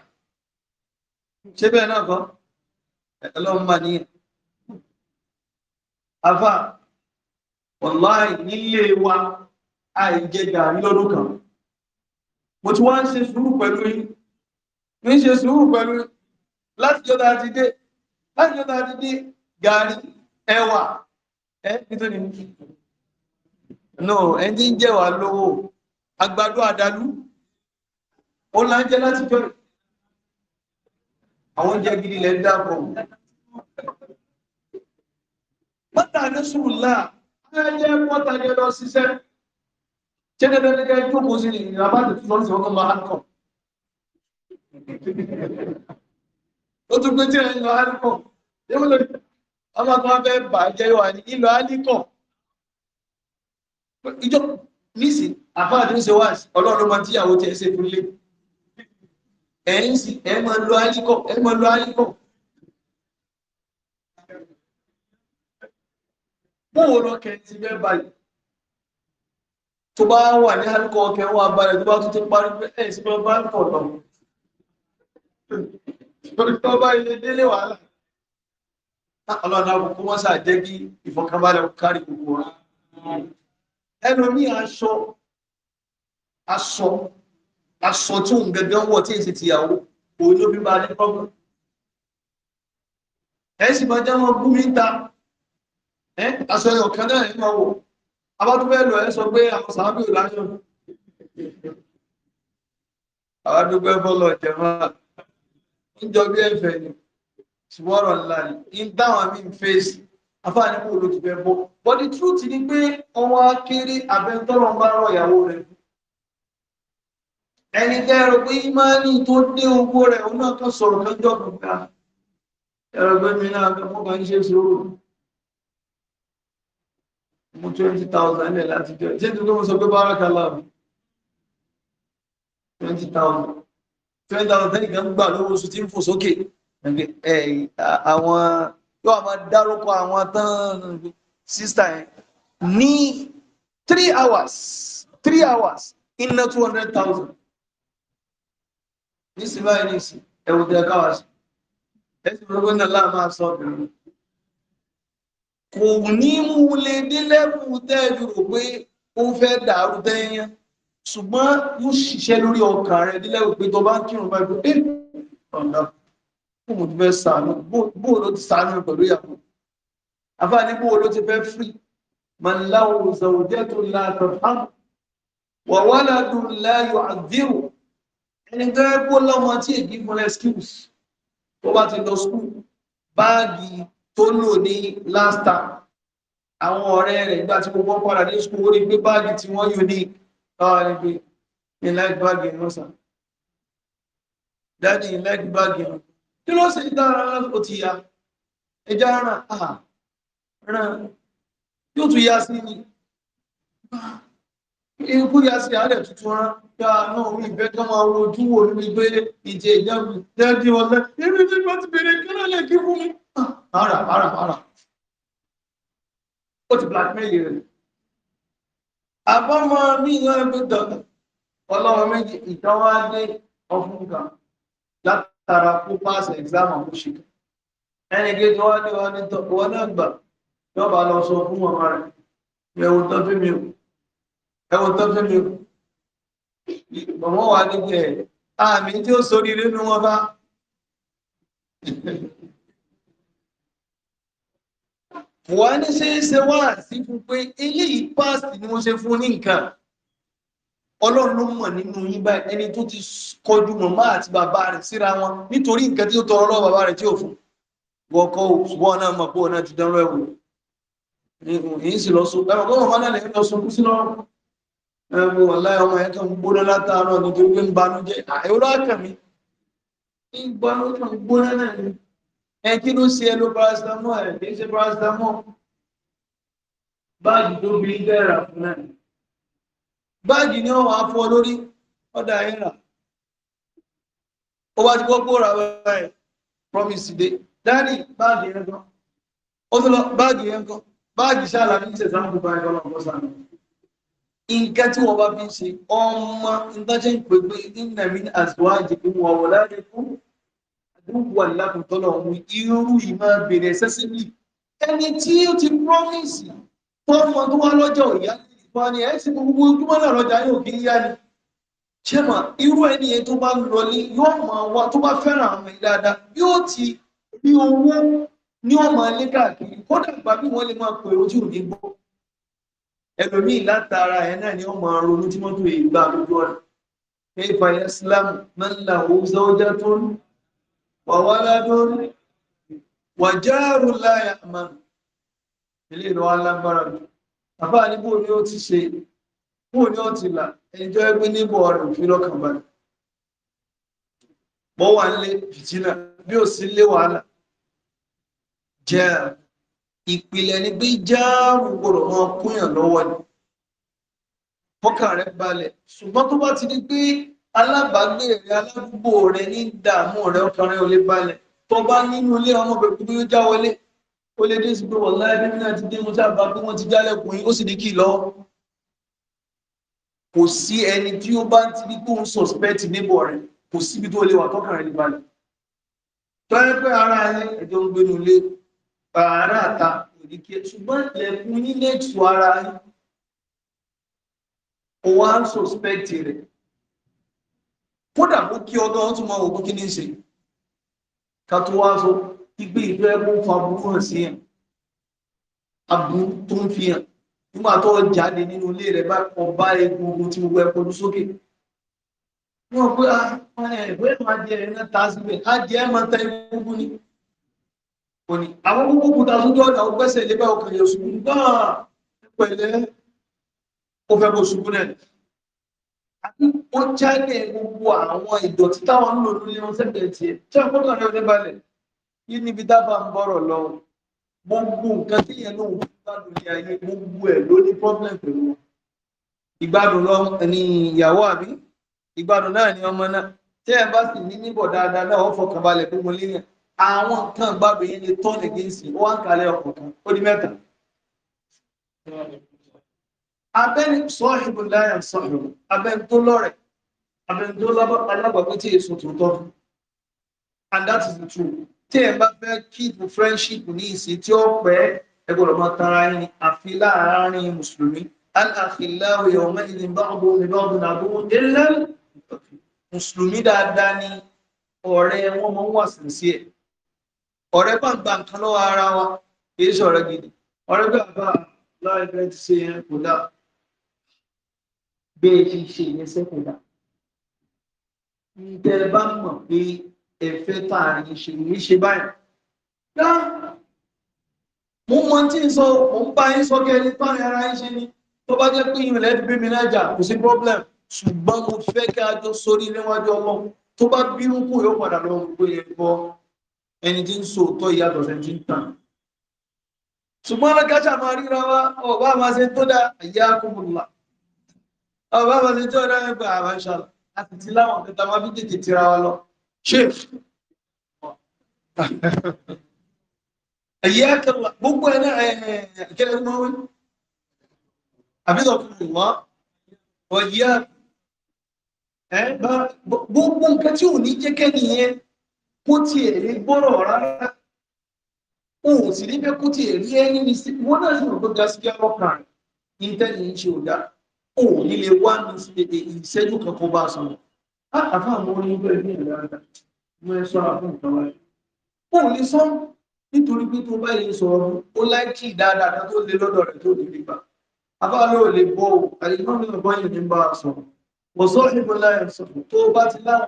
ṣe bẹ́ẹ̀ náà kọ́ ẹlọ́run mà níyà afa online nílé wa àìjẹ gàrí lọ́dún kan mo ti wá ń ṣe sùúrù pẹ̀lú yìí ń ṣe sùúrù pẹ̀lú láti jọ́ta ti dé láti jọ́ta ti dé gàrí ẹwà ẹ́ nítorí àgbàdo àdàlú ó là ń jẹ láti jọ àwọn jẹ gidi lẹ ń dáàbò mọta ní sùúrùlá ayẹyẹ mọta yẹn lọ ṣiṣẹ́ jẹnẹdẹnẹdẹ jókòó sí ìrìn àbájá tó lọ sí ọkọ máa kọ ó tún gbé ìjọ nísìnyí àfáà tí ń ṣe wáṣì ọlọ́run ma tí àwọn tí ẹ ṣe fún lé ẹ̀yìn sí ẹ ma lọ alíkọ̀ ẹ ma lọ alíkọ̀ bóò lọ kẹntì bẹ́ balẹ̀ tó bá wà ní alíkọ̀ ọkẹ wà balẹ̀ tó bá tún ti parí pé ẹ̀ sí bá bá ń pọ̀ lọ tó bá ilé délé wàhálà ọlọ́run àwọn kó mọ́sà jẹ́ kí ìfọ̀kànbalẹ̀ kárí gbogbo wa ẹnu ní aṣọ aṣọ aṣọ tí òun gẹ́gẹ́ wọ̀ tí èsì tìyàwó òun ló fi bá ní pọ́pọ̀ ẹ̀sì máa jẹ́ wọn gúnmí ta aṣọ ẹ̀yọ̀ kan náà ní ọwọ́ abátúfẹ́ lọ ẹ sọ pé àwọn sàábì láṣọ àwádúgbẹ́ bọ́lọ̀ jẹ̀mọ́ níjọ bí ẹ̀fẹ̀ ni ṣùgbọ́rọ̀ ńlá ni ń dáwọn mí fèsì afáàní kò ló ti fẹ́ bọ́ but the truth ni pé ọwọ́ akéré abẹ́ntọ́rọ̀ ń bá rọ ìyàwó rẹ̀ ẹni tẹ́rù pé ìmáàní tó dé ogbó rẹ̀ ọ̀nà kan sọ̀rọ̀ lọ́jọ́ gbogbo ẹ̀rọ gbẹ́mí náà mọ́ bá ń ṣe sòrò mú 20,000 lẹ̀ láti jẹ́ tí tí mo sọ pé bára kàlá mi 20,000 20,000 tẹ́lì kan gbà lówó oṣù tí ń fò sókè àwọn yóò máa dárúkọ àwọn tán sísà yẹn ní 3 hours 3 hours in 200,000 nísìnyí báyìí nísìn ẹ̀wù tẹ̀ káwá sí ẹ̀sìn gbogbo náà láà máa sọ obìnrin kò ní mú lè dé lẹ́kùn tẹ́jú rò pé ó fẹ́ dàrú tẹ́yẹn ṣùgbọ́n yóò ṣiṣẹ́ lórí ọkàn rẹ̀ dílẹ́kùn pé tó kírun bá gbé ẹ̀ ọ̀nà fún mo ti fẹ́ sànú bóò ló ti sànú pẹ̀lú ìyàwó àfáàní bóò ló ti fẹ́ firi màláwo zàwùjẹ́ tó la tọ̀fán wàwálà dùn láyò àdéhùn ẹni tó yẹ kó lọ́mọ tí èyí fún excuse tó bá ti lọ school báàgì tó lò ní last time àwọn ọ̀rẹ́ rẹ̀ nígbà tí mo bọ́ padà ní school ó rí pé báàgì tí wọ́n unique báwa ni pé ní like báàgì ẹ̀ lọ́sàn dáàdì ní like báàgì ẹ̀ kí ló ṣe dára ó ti ya ẹja ràn ah, ràn yóò tún ya sí ni ikú ya sí àárẹ̀ tuntun rán pé àná orí ìgbẹ́ kan máa wo ojú wo ní gbé ìjẹ ìjẹun dẹ́ẹ̀dì ọ̀lẹ́ ibi tí wọ́n ti bèrè kílọ̀ lè kí fún mi. Ah, ara ara ara ó ti blackmail rẹ̀. àbámọ́ mi ìyá ẹgbẹ́ dọ̀tà ọlọ́run méjì ìdánwò adé ọ̀fun kan látara kó pàṣẹ exam àwọn òṣìkà ẹnì kejì wọn ní wọn ní tọ́ wọn náà gbà yọba lọ sọ fún ọmọ rẹ̀ yẹ̀wò tán mi o ẹwọ́n tó fẹ́ mi o mọ̀mọ́ wà níbi ẹ̀ àmì tí ó sórí nínú wọn bá wọ́n ní ṣe ṣe wá sí fún pé eléyìí pàṣẹ ni wọ́n ṣe fún ní nǹkan ọlọ́run ló mọ̀ nínú yín báyìí ẹni tó ti kọjú mọ̀mọ́ àti bàbá rẹ̀ síra wọn nítorí nǹkan tí ó tọrọ lọ́wọ́ bàbá rẹ̀ tí ò fún wọ́kọ́ ṣùgbọ́n náà mọ̀ pé ọ̀nà ti dánrọ́ ẹ̀wò ní ìsìn lọ́sùn ẹ̀rọ na ọ̀lá ọmọ ẹ̀ kan gbóná látàárọ̀ nítorí pé ń banú jẹ́ àìwúrọ̀ ń banú gbóná náà ni ẹ kí ló ṣe ẹlò paracetamol ẹ ṣe báàgì tó bí fún náà ni báàgì ni afọ lórí ọ̀dà ó wá ti kọ́kọ́ ẹ̀ promise báàgì yẹn báàgì yẹn báàgì sáà nǹkan tí wọ́n bá fi ṣe ọmọ ìtọ́jẹ́ ìpègbè ìdínàmí àzọ́wájì fún wọn wọ̀ láti fún àdúgbò aláàkùn tọ́lọ̀ ọ̀hún irú ìmọ̀ bèrè ẹ̀sẹ́sìlì ẹni tí ó ti promise fọ́ọ̀mù tó wá lọ́jọ́ ìyá ìfọ́n ni ẹ̀ sì gbogbo ojúmọ́ náà lọ́jà yóò kí yá ni ṣẹ́mà irú ẹni yẹn tó bá ń lọlé yóò máa wá tó bá fẹ́ràn àwọn ilé dáadáa yóò ti rí owó ní ọmọ ilé káàkiri kódà gbàgbé wọn lè máa pèrò tí ò gbọ́ ẹlòmíì látara ẹ̀ náà ni ó máa ronú tí mọ́tò yìí gbà lójú ọ̀nà kéfà islam mẹ́lá òwúzọ ọjà tó ń wàwálá tó ń wàjáàrú láyà àmàlù ilé ìlú wà ń lé fìtínà bí ó sì lé wàhálà jẹ́ àbí ìpìlẹ̀ ni pé jáàrù gbọ́dọ̀ máa kúnyàn lọ́wọ́ ni fọ́kàn rẹ̀ balẹ̀ ṣùgbọ́n tó bá ti di pé alábàágbé rẹ̀ aládùúgbò rẹ̀ ní dààmú rẹ̀ ọkàn rẹ̀ ò lè balẹ̀ tó bá nínú ilé ọmọ bẹ̀rẹ̀ bí ó já wọlé ó lè dé sí pé wọ́n láyé nínú àti dé mo sábà pé wọ́n ti jálẹ̀kùn yín ó sì ní kí lọ kò sí ẹni tí ó bá ti di kó ń suspect níbọ̀ rẹ̀ kò síbi tó lè wà tọ́kàn rẹ̀ ní balẹ̀ tọ́lẹ́ ara ẹni ẹjọ́ ń gbénu lé ààrá àta òdíkẹ́ ṣùgbọ́n ilẹ̀kùn nílé ìtù ara ó wá ń sọ̀spẹ́tì rẹ̀ kódà mú kí ọdọ́ tún máa òkú kí ní ṣe ká tó wá sọ igbe ìjọ ẹgbọ́n fa burú hàn sí ẹ̀ aburú tó ń fi hàn nígbà tó jáde nínú ilé rẹ̀ bá kọ bá egun ogun tí gbogbo ẹ̀kọ́ ló sókè wọ́n pé ah, ẹ̀gbẹ́ máa jẹ ẹ̀rẹ́ náà ta síbẹ̀ á jẹ́ máa ta egungun ni òní àwọn gbogbo kùtà tó jọ ọ̀nà ọgbẹ́sẹ̀ lébẹ́ ọkùnrin oṣù náà pẹ̀lẹ́ ó fẹ́ bó ṣubú náà àti ó jáde gbogbo àwọn ìdọ̀tí táwọn ń lò lórí wọn sẹ́gbẹ̀ẹ́ tiẹ̀ tí wọ́n kọ́kàn rẹ̀ ní balẹ̀ yí níbi dábàá ń bọ̀rọ̀ lọ gbogbo nǹkan tí yẹn lòun fún gbádùn ní ayé gbogbo ẹ̀ ló ní problem pẹ̀lú wọn ìgbádùn lọ ní ìyàwó àbí ìgbádùn náà ní ọmọ náà tí ẹ bá sì ní níbọ̀ dáadáa náà ó fọkàn balẹ̀ gbogbo líyàn àwọn nǹkan gbàgbé yẹn lè tọ́nà gẹ̀ẹ́sì ó wá ń kalẹ̀ ọkọ̀ọ̀kan ó di mẹ́ta abẹ́ni sọ́ọ̀ṣùgbọ́n láyà sọ́ọ̀ṣùgbọ́n abẹ́ni tó lọ́rẹ̀ abẹ́ni tó alábàápẹ́ tí èso tó tọ́ and that is the truth tí ẹ bá keep friendship ní ìsìn tí ó pẹ́ ẹgbọ́dọ̀ máa tara ẹni àfi láàárín mùsùlùmí aláàfíláwò yọ̀ọ́ mẹ́rin bá ọdún ní bá ọdún àbúrò délẹ́ mùsùlùmí dáadáa ni ọ̀rẹ́ wọn máa ń wà sí sí ẹ̀ ọ̀rẹ́ bá ń gba nǹkan lọ́wọ́ ara wa kìí sọ̀rọ̀ gidi ọ̀rẹ́ gbà bá láì fẹ́ ti ṣe yẹn kò dá bẹ́ẹ̀ ti ṣe yẹn sẹ́kù dá ǹtẹ́ bá mọ̀ pé ẹ̀fẹ́ tààrin ṣe yìí ṣe báyìí dá mo mọ tí ń sọ mo ń bá yín sọ kí ẹni ara yín ṣe ni tó bá jẹ́ pé ìrìnlẹ̀ bí mi lájà kò sí problem ṣùgbọ́n mo fẹ́ kí a jọ sórí níwájú ọmọ tó bá bínú kù yóò padà lọ gbé yẹn bọ́ ẹni tí ń so tọ́ ìyàtọ̀ ṣe ti ń tàn ṣùgbọ́n alákàṣà máa ríra wá ọba máa ṣe tó dá ìyá kúmùlà ọba máa ṣe tó dá ẹgbẹ́ àwọn ìṣàlọ̀ àti ti láwọn kẹta máa bí tètè tira wa lọ ṣe ìyá kẹwà gbogbo ẹ̀ náà ìkẹlẹ̀ ní mọ́wé àbídọ̀ kúmùlà ọ̀yá gbogbo nǹkan tí ò ní jẹ́kẹ́ nìyẹn kó tiẹ̀ lè gbọ́rọ̀ rárá òun sì ní fẹ́ kó tiẹ̀ rí ẹni ní sí wọn náà sì rò pé gaskiya ọkàn intanet ń ṣe ọ̀dà òun nílé wá ní ìṣẹ́jú kankan bá sọ àkàfà àwọn onígbà ẹgbẹ́ ìlú ara wọn ẹ sọ́ra fún ìtàn wáyé òun ní sọ nítorí pé tó báyìí sọ ọdún ó láìkí dáadáa tó lé lọ́dọ̀ rẹ̀ tó lè nípa abáàlú ò lè bọ́ àyíká mi ò bọ́ yìí ní bá a sọ̀rọ̀ wọ́n sọ ìbọn sọ̀rọ̀ tó bá ti láwọn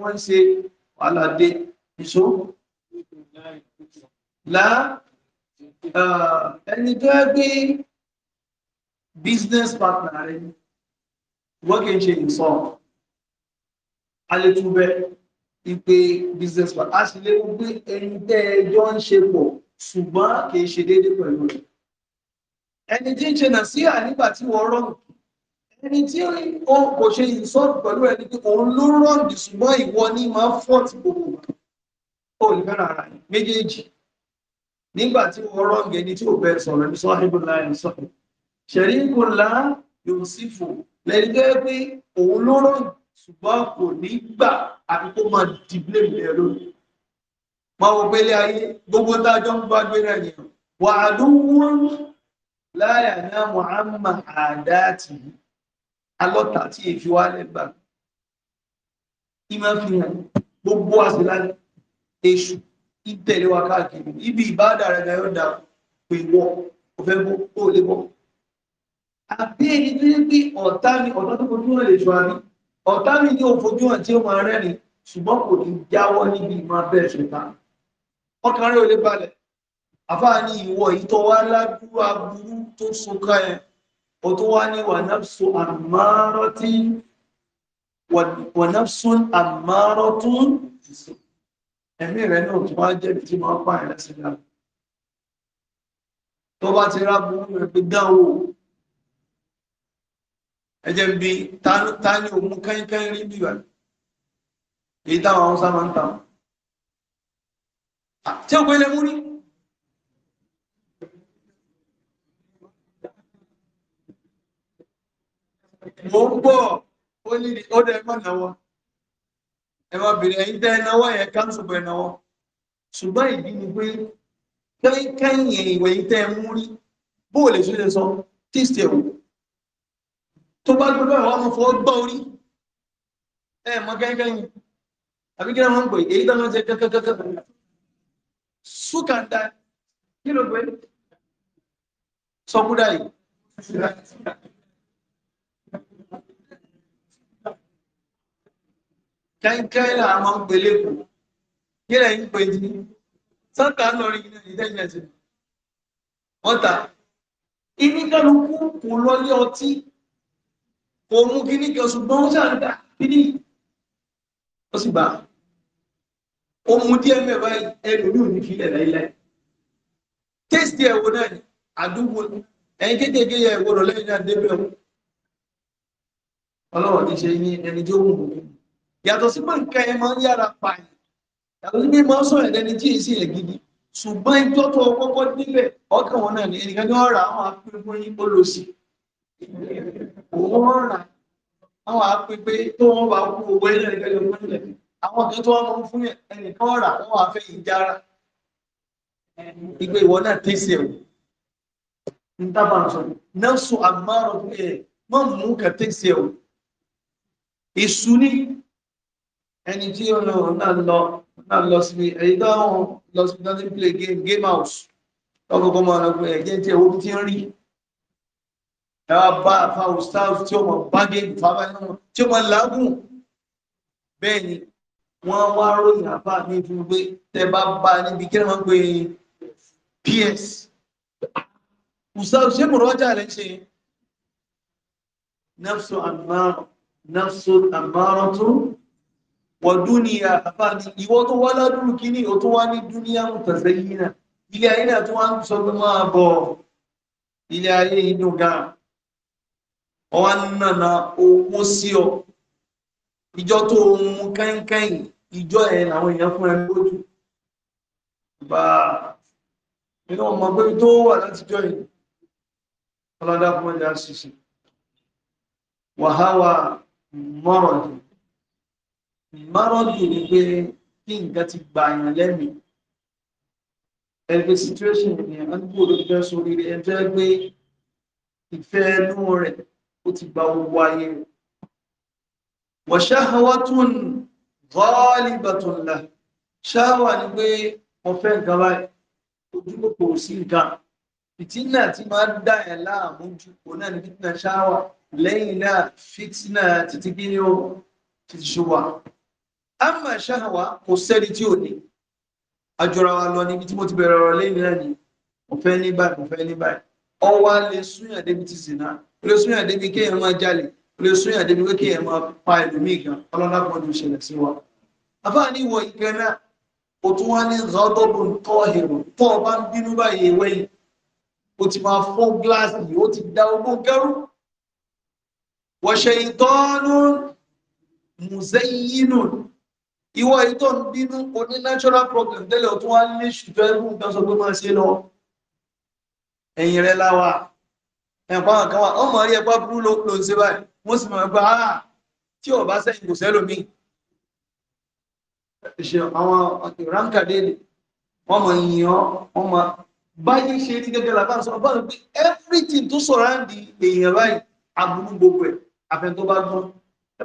ọ̀rẹ́ wàhálà dé ìṣó lá ẹni tó ẹ gbé business partner rẹ wọ́n kì í ṣe ìsọ̀ alẹ́túbẹ̀ ìpè business partner a sì lè gbé ẹni tẹ́ ẹjọ́ ń ṣe pọ̀ ṣùgbọ́n kì í ṣe déédéé pẹ̀lú ẹni tí ń ṣe nà sí à tí wọ́n rọrùn ẹni tí ó kò ṣe ìsọ́ọ̀tù pẹ̀lú ẹni tí òun ló rọ̀dì ṣùgbọ́n ìwọ ní máa ń fọ́ọ̀tì gbogbo wa ó lè fẹ́ràn ara yìí méjèèjì nígbà tí wọ́n rọ̀ǹgì ẹni tí ò bẹ sọ̀rọ̀ ní sọ́hìbùlá ẹni sọ̀rọ̀ ṣẹ̀ríkùlá yóò sì fò lẹ́ni tó yẹ pé òun ló rọ̀ǹgì ṣùgbọ́n kò ní gbà àti kó máa dìbìlẹ̀ rẹ̀ lórí máa wọ pẹ́lẹ́ ayé gbogbo dájọ́ ń bá gbéra yẹn wà á láyà náà muhammad àdáàtì yìí alọ́ta tí èfi wá lẹ́gbà ìmọ̀ fi hàn gbogbo àṣìlá èṣù ìtẹ̀lé wa káàkiri ibi ìbáàdà rẹ̀ gan yóò dà pé wọ́ kò fẹ́ bó kó lè bọ́ àbí èyí tó yẹ pé ọ̀tá mi ọ̀tá tó fojú hàn lè ṣọ àmì ọ̀tá mi ní òfojú hàn tí ó máa rẹ́rìn ṣùgbọ́n kò ní jáwọ́ níbi ìmọ̀ abẹ́ ṣẹ̀ta ọkàn rẹ̀ ò lè balẹ̀ àfáà ní ìwọ ìtọ́wá aburú tó sunkan ó tó wá ní wànáfsún àmárọ́tún ẹ̀mí rẹ̀ náà tó wá jẹ́ tí wọ́n pààyàn lẹ́sìn náà tó bá ti rábú rẹ̀ pé dánwò ẹjẹ́ ń bí tání òun kẹ́kẹ́ rí bí wà èyí táwọn haúsá máa ń tí ó pẹ́lẹ̀ mú mò ń bọ̀ ó ní ó dẹ mọ̀ náwó ẹ máa bèrè ẹ̀yin tẹ́ náwó yẹn káńsù bọ̀ ẹ̀ náwó ṣùgbọ́n ìdí ni pé kẹ́yìnkẹ́yìn ìwẹ̀ yìí tẹ́ mú rí bó lè ṣe lè sọ tíìsì ẹ̀wò tó bá gbogbo ẹ̀wọ́ ọmọ fọwọ́ gbọ́ orí ẹ̀ mọ́ kẹ́yìnkẹ́yìn àbí kí wọ́n ń pè èyí tó ń ṣe kẹ́kẹ́kẹ́kẹ́ súkàndá kí ló pé sọkúdà yìí kẹ́ńkẹ́ là máa ń pelé kù kí lẹ̀ ń pe jí sọ́tà lọ́rin ní ìdẹ́jẹ̀ sí ọ̀tà ìníkàlùkù kò lọ́lé ọtí kò mú kí ní kí ọ̀ṣùgbọ́n ó ṣàǹdà kí ní ó sì bá ó mú díẹ̀ mẹ́fà ẹlòmíì ní kílẹ̀ láíláí tẹ́sítì ẹ̀wọ̀ náà àdúgbò ẹ̀yìn kéékèèké yẹ ẹ̀wọ̀ rọ̀ lẹ́yìn náà débẹ̀ ọlọ́wọ́ ti ṣe ní ẹni tí ó wù mí yàtọ̀ sí pé nǹkan ẹ máa ń yára pààyàn yàtọ̀ sí pé máa ń sọ̀rọ̀ ẹ̀dẹ́ni tí èsì ẹ̀ gidi ṣùgbọ́n ìjọ tó kọ́kọ́ níbẹ̀ ọkàn wọn náà ní ẹnìkan ní ọ̀rà àwọn apẹ́gbọ́n yín ó lọ sí òun ọ̀rà àwọn apẹ́gbẹ́ tó wọ́n bá kú owó ẹ̀ náà lọ́wọ́ nílẹ̀ àwọn kan tó wọ́n máa ń fún ẹnìkan ọ̀rà wọn wà fẹ́ ìjára ìgbé ìwọ náà tẹ̀sí ẹ̀ ń dábà sọ náà sọ àmárọ̀ ẹ̀ mọ́ mú kà tẹ̀sí ẹ̀ ìsúní ẹni tí ó lọ náà lọ náà lọ síbi èyí tó ń lọ síbi tó ń play game game house lọ́kọ̀ọ́kọ́ máa lọ pé ẹ̀jẹ̀ tí owó ti ń rí ẹwà bá fáwọn staff tí ó mọ̀ bágẹ́ẹ̀dì fáwọn tí ó mọ̀ lágùn bẹ́ẹ̀ ni wọ́n wá ròyìn àbá ní fún pé tẹ bá bá níbi kí wọ́n pe ps ustaz ṣé mo rọ́jà rẹ̀ ṣe nafsu amaro nafsu amaro tún wọ dúníà àfáàní ìwọ tó wá ládùrù kíní o tó wá ní dúníà mú tẹ̀sẹ̀ yìí náà ilé ayé náà tó wá ń sọ pé máa bọ̀ ilé ayé inú ga ọwá nànà owó sí ọ ìjọ tó mú káìnkáìn ìjọ ẹ̀ làwọn èèyàn fún ẹ lójú bá inú ọmọ pé tó wà látijọ́ yìí ọlọ́dá fún ẹja ṣiṣẹ́ wàháwà mọ́rọ̀ márọ́dù ni pé kí nǹkan ti gba àyàn lẹ́mí ẹgbẹ́ situation ni àdúgbò ló fẹ́ sórí rẹ̀ ẹjọ́ pé ìfẹ́ inú rẹ̀ ó ti gba owó ayé rẹ̀ wọ̀ṣáhàwá tún vọ́ọ̀lì bàtún là ṣáwà ni pé wọ́n fẹ́ nǹkan báyìí ojúlópò sí nǹkan fìtínà tí máa ń dà ẹ̀ láàmú ju kò náà ní fìtínà ṣáwà lẹ́yìn náà fìtínà títí kí ni ó ti ṣùgbọ́n ama ṣáhàwá kò sẹ́ni tí ò ní àjọra wa lọ níbi tí mo ti bẹ̀rẹ̀ ọ̀rọ̀ lẹ́yìn náà ni mo fẹ́ ní báyìí mo fẹ́ ní báyìí ọwá lè súnyàn débi ti sìn náà lè súnyàn débi kéèyàn máa jalè lè súnyàn débi pé kéèyàn máa pa ẹlòmíì kan ọlọ́lá kan ló sí wa àbá ní ìwọ ìkẹ́ o tún wá ní zọ́dọ́bù tọ́ èrò tọ́ ọ bá ń bínú báyìí ewé ìwọ èyí tó ń bínú o ní natural problem tẹ́lẹ̀ o tún wá ní ṣùgbọ́n ẹgbùn nǹkan sọ pé máa ṣe lọ ẹ̀yìn rẹ láwà ẹ̀pá nǹkan wà ọmọ rí ẹpá burú ló ló ń ṣe báyìí mo sì mọ̀ pé ah tí ò bá sẹ́yìn kò sẹ́lòmí ṣe àwọn ìránkàdé ni wọ́n mọ̀ yìnyín wọ́n mọ̀ báyìí ṣe ti gẹ́gẹ́ làbá sọ báyìí pé everything tó sọ̀rọ̀ àǹdí èèyàn báyìí aburú gbogbo ẹ̀ àfẹ́ntó bá gbọ́n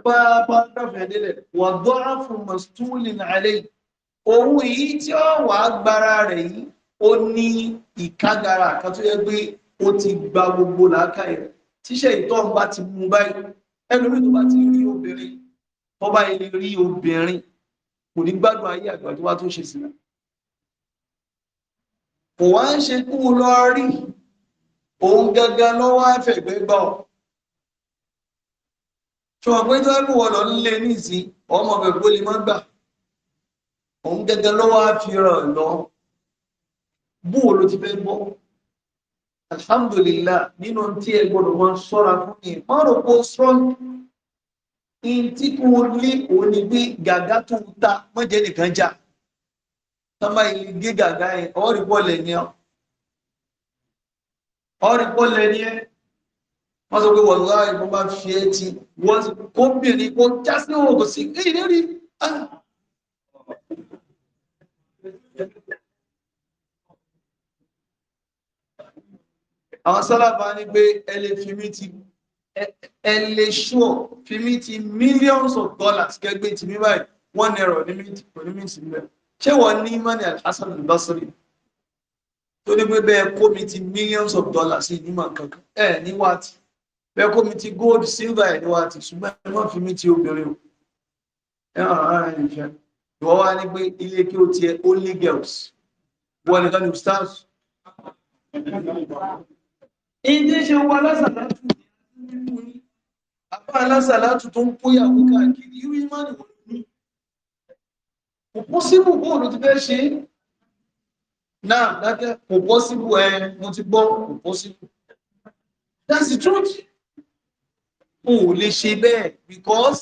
bá dáfẹ́ délẹ̀ wà gbọ́rọ̀ fún mọ̀stúlìn alẹ́ ohun èyí tí ó wà gbára rẹ̀ yìí ó ní ìkágara kan tó yẹ pé ó ti gba gbogbo làákàyè tíṣẹ́ ìtọ́n bá ti mú báyìí ẹlòmí tó bá ti rí obìnrin tó bá ilé rí obìnrin kò ní gbádùn ayé àgbà tó wá tó ṣe sílẹ̀ kò wá ń ṣe kú lọ rí òun gangan lọ́wọ́ àfẹ̀gbẹ́ gbà ṣọwọ́ pé tó ẹ̀kú wọ̀ lọ nílé nísìn ọmọ bẹ̀ kó lè má gbà òun gẹ́gẹ́ lọ́wọ́ á fi ràn lọ bú ló ti fẹ́ gbọ́ alhamdulillah nínú tí ẹ gbọ́dọ̀ wọn ṣọ́ra fún yìí má rò pé strong in tí kò lé òun ni pé gàgá tó ta mọ́jẹ́ nìkan jà tọ́mọ ilé gé gàgá yẹn ọ̀rí bọ́ọ̀lù ní ọ́ ọ̀rí bọ́ọ̀lù ẹ̀ wọ́n sọ pé wọ́n lọ́wọ́ ìbọn bá fi ẹ́ ti wọ́n sọ kó bìnrin kó já sí òun kò sí èyí ní rí ah. àwọn sálábà ní pé ẹ lè ti ẹ lè ṣúọ̀ ti millions of dollars kẹgbẹ́ ti mí báyìí wọ́n nẹ̀rọ ní mí ti kò ní mí ti mí bẹ́ẹ̀ ṣé wọ́n ní mọ́ni Al-Hasan al-Basri tó ní pé bẹ́ẹ̀ kó mi ti millions of dollars ní ìmọ̀ kankan ẹ̀ ní wáàtí bẹ́ẹ̀ kó mi ti gold silver ẹ̀ níwá ti ṣùgbọ́n ẹ má fi mí ti obìnrin o ẹ hàn án rẹ̀ ṣe wá ní pé ilé kí o tiẹ̀ only girls wọ́n nìkan ní stars. ìdí ṣe wọ alásàlátù nínú ní àbá alásàlátù tó ń kóyàwó káàkiri irú ìmánì wọn ní. kò pọ́sibú bóòlù ti fẹ́ ṣe é náà dákẹ́ kò pọ́sibú ẹ mo ti gbọ́ kò pọ́sibú that's the truth o ò lè ṣe bẹ́ẹ̀ because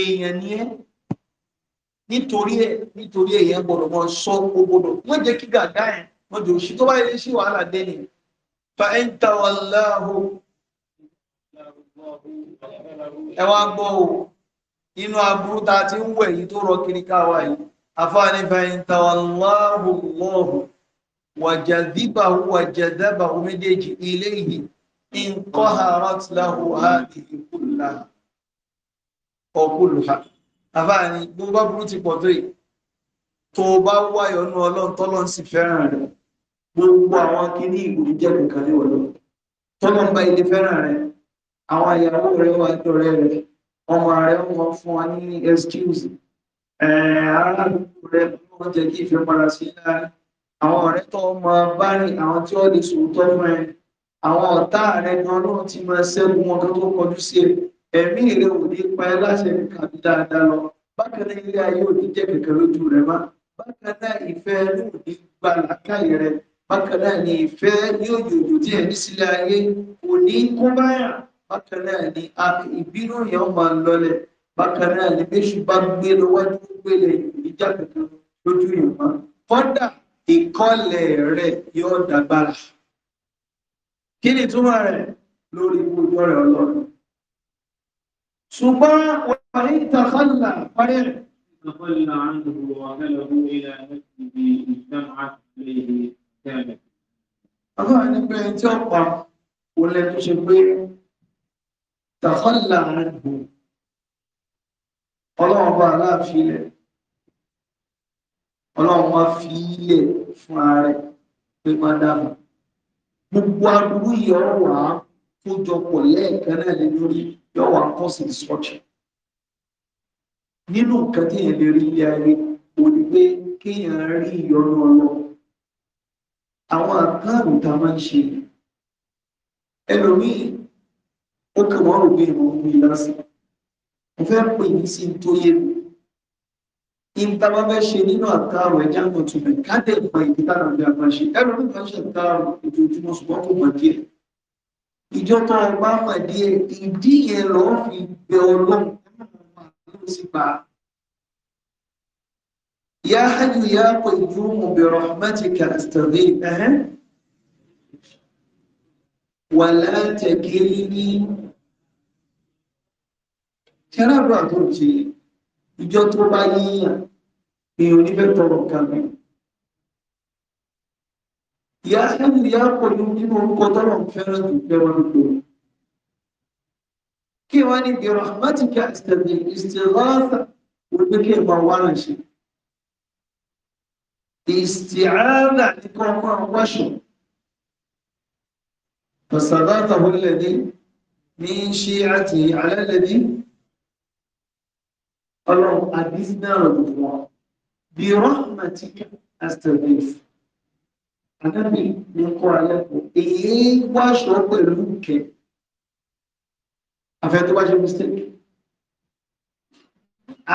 èèyàn ni ẹ́ nítorí ẹ̀ nítorí èèyàn gbọ́dọ̀ mọ sọ o gbọ́dọ̀ wọ́n jẹ́ kí gàgá ẹ̀ wọ́n jẹ́ òṣì tó bá yẹ sí wàhálà dẹ́nì fa ẹ̀ ń ta wọn láàhó ẹ wá gbọ́ o inú aburú ta ti ń wẹ̀ yìí tó rọ kiri káwa yìí afáàní fa ẹ̀ ń ta wọn láàhó lọ́hùn wàjàdíbà wàjàdábà méjèèjì ilé yìí انقهرت له هذه كلها أو كلها àbáàní bó bá burú ti pọ̀ tó yìí tó bá wáyọ̀ ní ọlọ́run tọ́lọ́run sì fẹ́ràn rẹ̀ gbogbo àwọn kìíní ìlú jẹ́ nìkan ní ọlọ́run tọ́lọ́run bá ilé fẹ́ràn rẹ̀ àwọn ìyàwó rẹ̀ wà lọ́rẹ́ rẹ̀ ọmọ rẹ̀ wọ́n fún wa ní excuse aráàlú rẹ̀ wọ́n jẹ́ kí ìfẹ́ padà sí láàárín àwọn ọ̀rẹ́ tó ọmọ bá rìn àwọn tí ó lè sòótọ́ fún ẹ àwọn ọ̀tá rẹ̀ ni ọlọ́run ti máa ṣẹ́gun wọn tó kọjú sí ẹ ẹ̀mí rẹ̀ ò ní pa ẹ́ láṣẹ nìkan bí dáadáa lọ bákan náà ilé ayé ò ní jẹ́ kẹ̀kẹ́ lójú rẹ̀ má bákan náà ìfẹ́ ẹnu ò ní gba làákàyè rẹ̀ bákan náà ni ìfẹ́ ní òjòjò tí ẹ̀mí sílẹ̀ ayé ò ní kó báyà bákan náà ni ìbínú yẹn máa ń lọlẹ̀ bákan náà ni méṣù bá gbé lọ́wọ́dún gbélé ìjà kẹ̀kẹ́ lójú yẹn má fọ́dà ìkọlẹ̀ rẹ̀ yóò dàgbára kí ni túmọ̀ rẹ̀ lórí ikú ojú rẹ̀ ọlọ́run ṣùgbọ́n wọ́n ní tàkàlà parí ẹ̀ تقلنا عنه وأهله إلى نفسه اجتمعت إليه كامل Àwọn àníbẹ̀ tí ó pa kò ọlọ́run wá fi ilẹ̀ fún ààrẹ pé dáàbò gbogbo aburú yìí ọ̀rọ̀ wà á kó jọ pọ̀ lẹ́ẹ̀kan náà lé lórí yọ wà kọ́ sí destruction nínú nǹkan tí èèyàn lè rí ilé ayé kò ní pé kéèyàn rí ìyọnu ọlọ àwọn àkáàrùn tá a máa ń ṣe ẹlòmíì ó kàn wọ́n rò pé ìmọ̀ òun yìí lásìkò mo fẹ́ pè yín sí tó yé ìtaba bẹ́ ṣe nínú àtàrò ẹja e náà tún bẹ̀ káde ìmọ̀ ìdíbára bí a máa ṣe ẹ̀rọ ní kan ṣe àtàrò ìdójúmọ́ ṣùgbọ́n kò mọ̀ díẹ̀ ìjọ tó ń bá mọ̀ díẹ̀ ìdí yẹn fi bẹ ọlọ́run ìjọ tó bá yíyàn èyí onífẹ́ tọrọ nǹkan mi ìyá sẹ́ni ìyá pọ̀ ní nínú orúkọ tọ́lọ̀ ń fẹ́ràn jù fẹ́ wọn lò kí wọ́n ní bí rahmatika ìsẹ̀lẹ̀ ìsẹ̀lọ́sà wípé kí ẹ̀ máa wárà ṣe ìsìtìáàdà ní kọ́ máa wáṣọ فصداته الذي من شيعته على الذي ọlọ́run àdísínà ọ̀dùnmọ́ برحمتك rọ́ọ̀mọ̀tì astagif anábì ní kọ́ alẹ́kọ̀ọ́ èyí wáṣọ pẹ̀lú kẹ afẹ́ tó bá ṣe mistake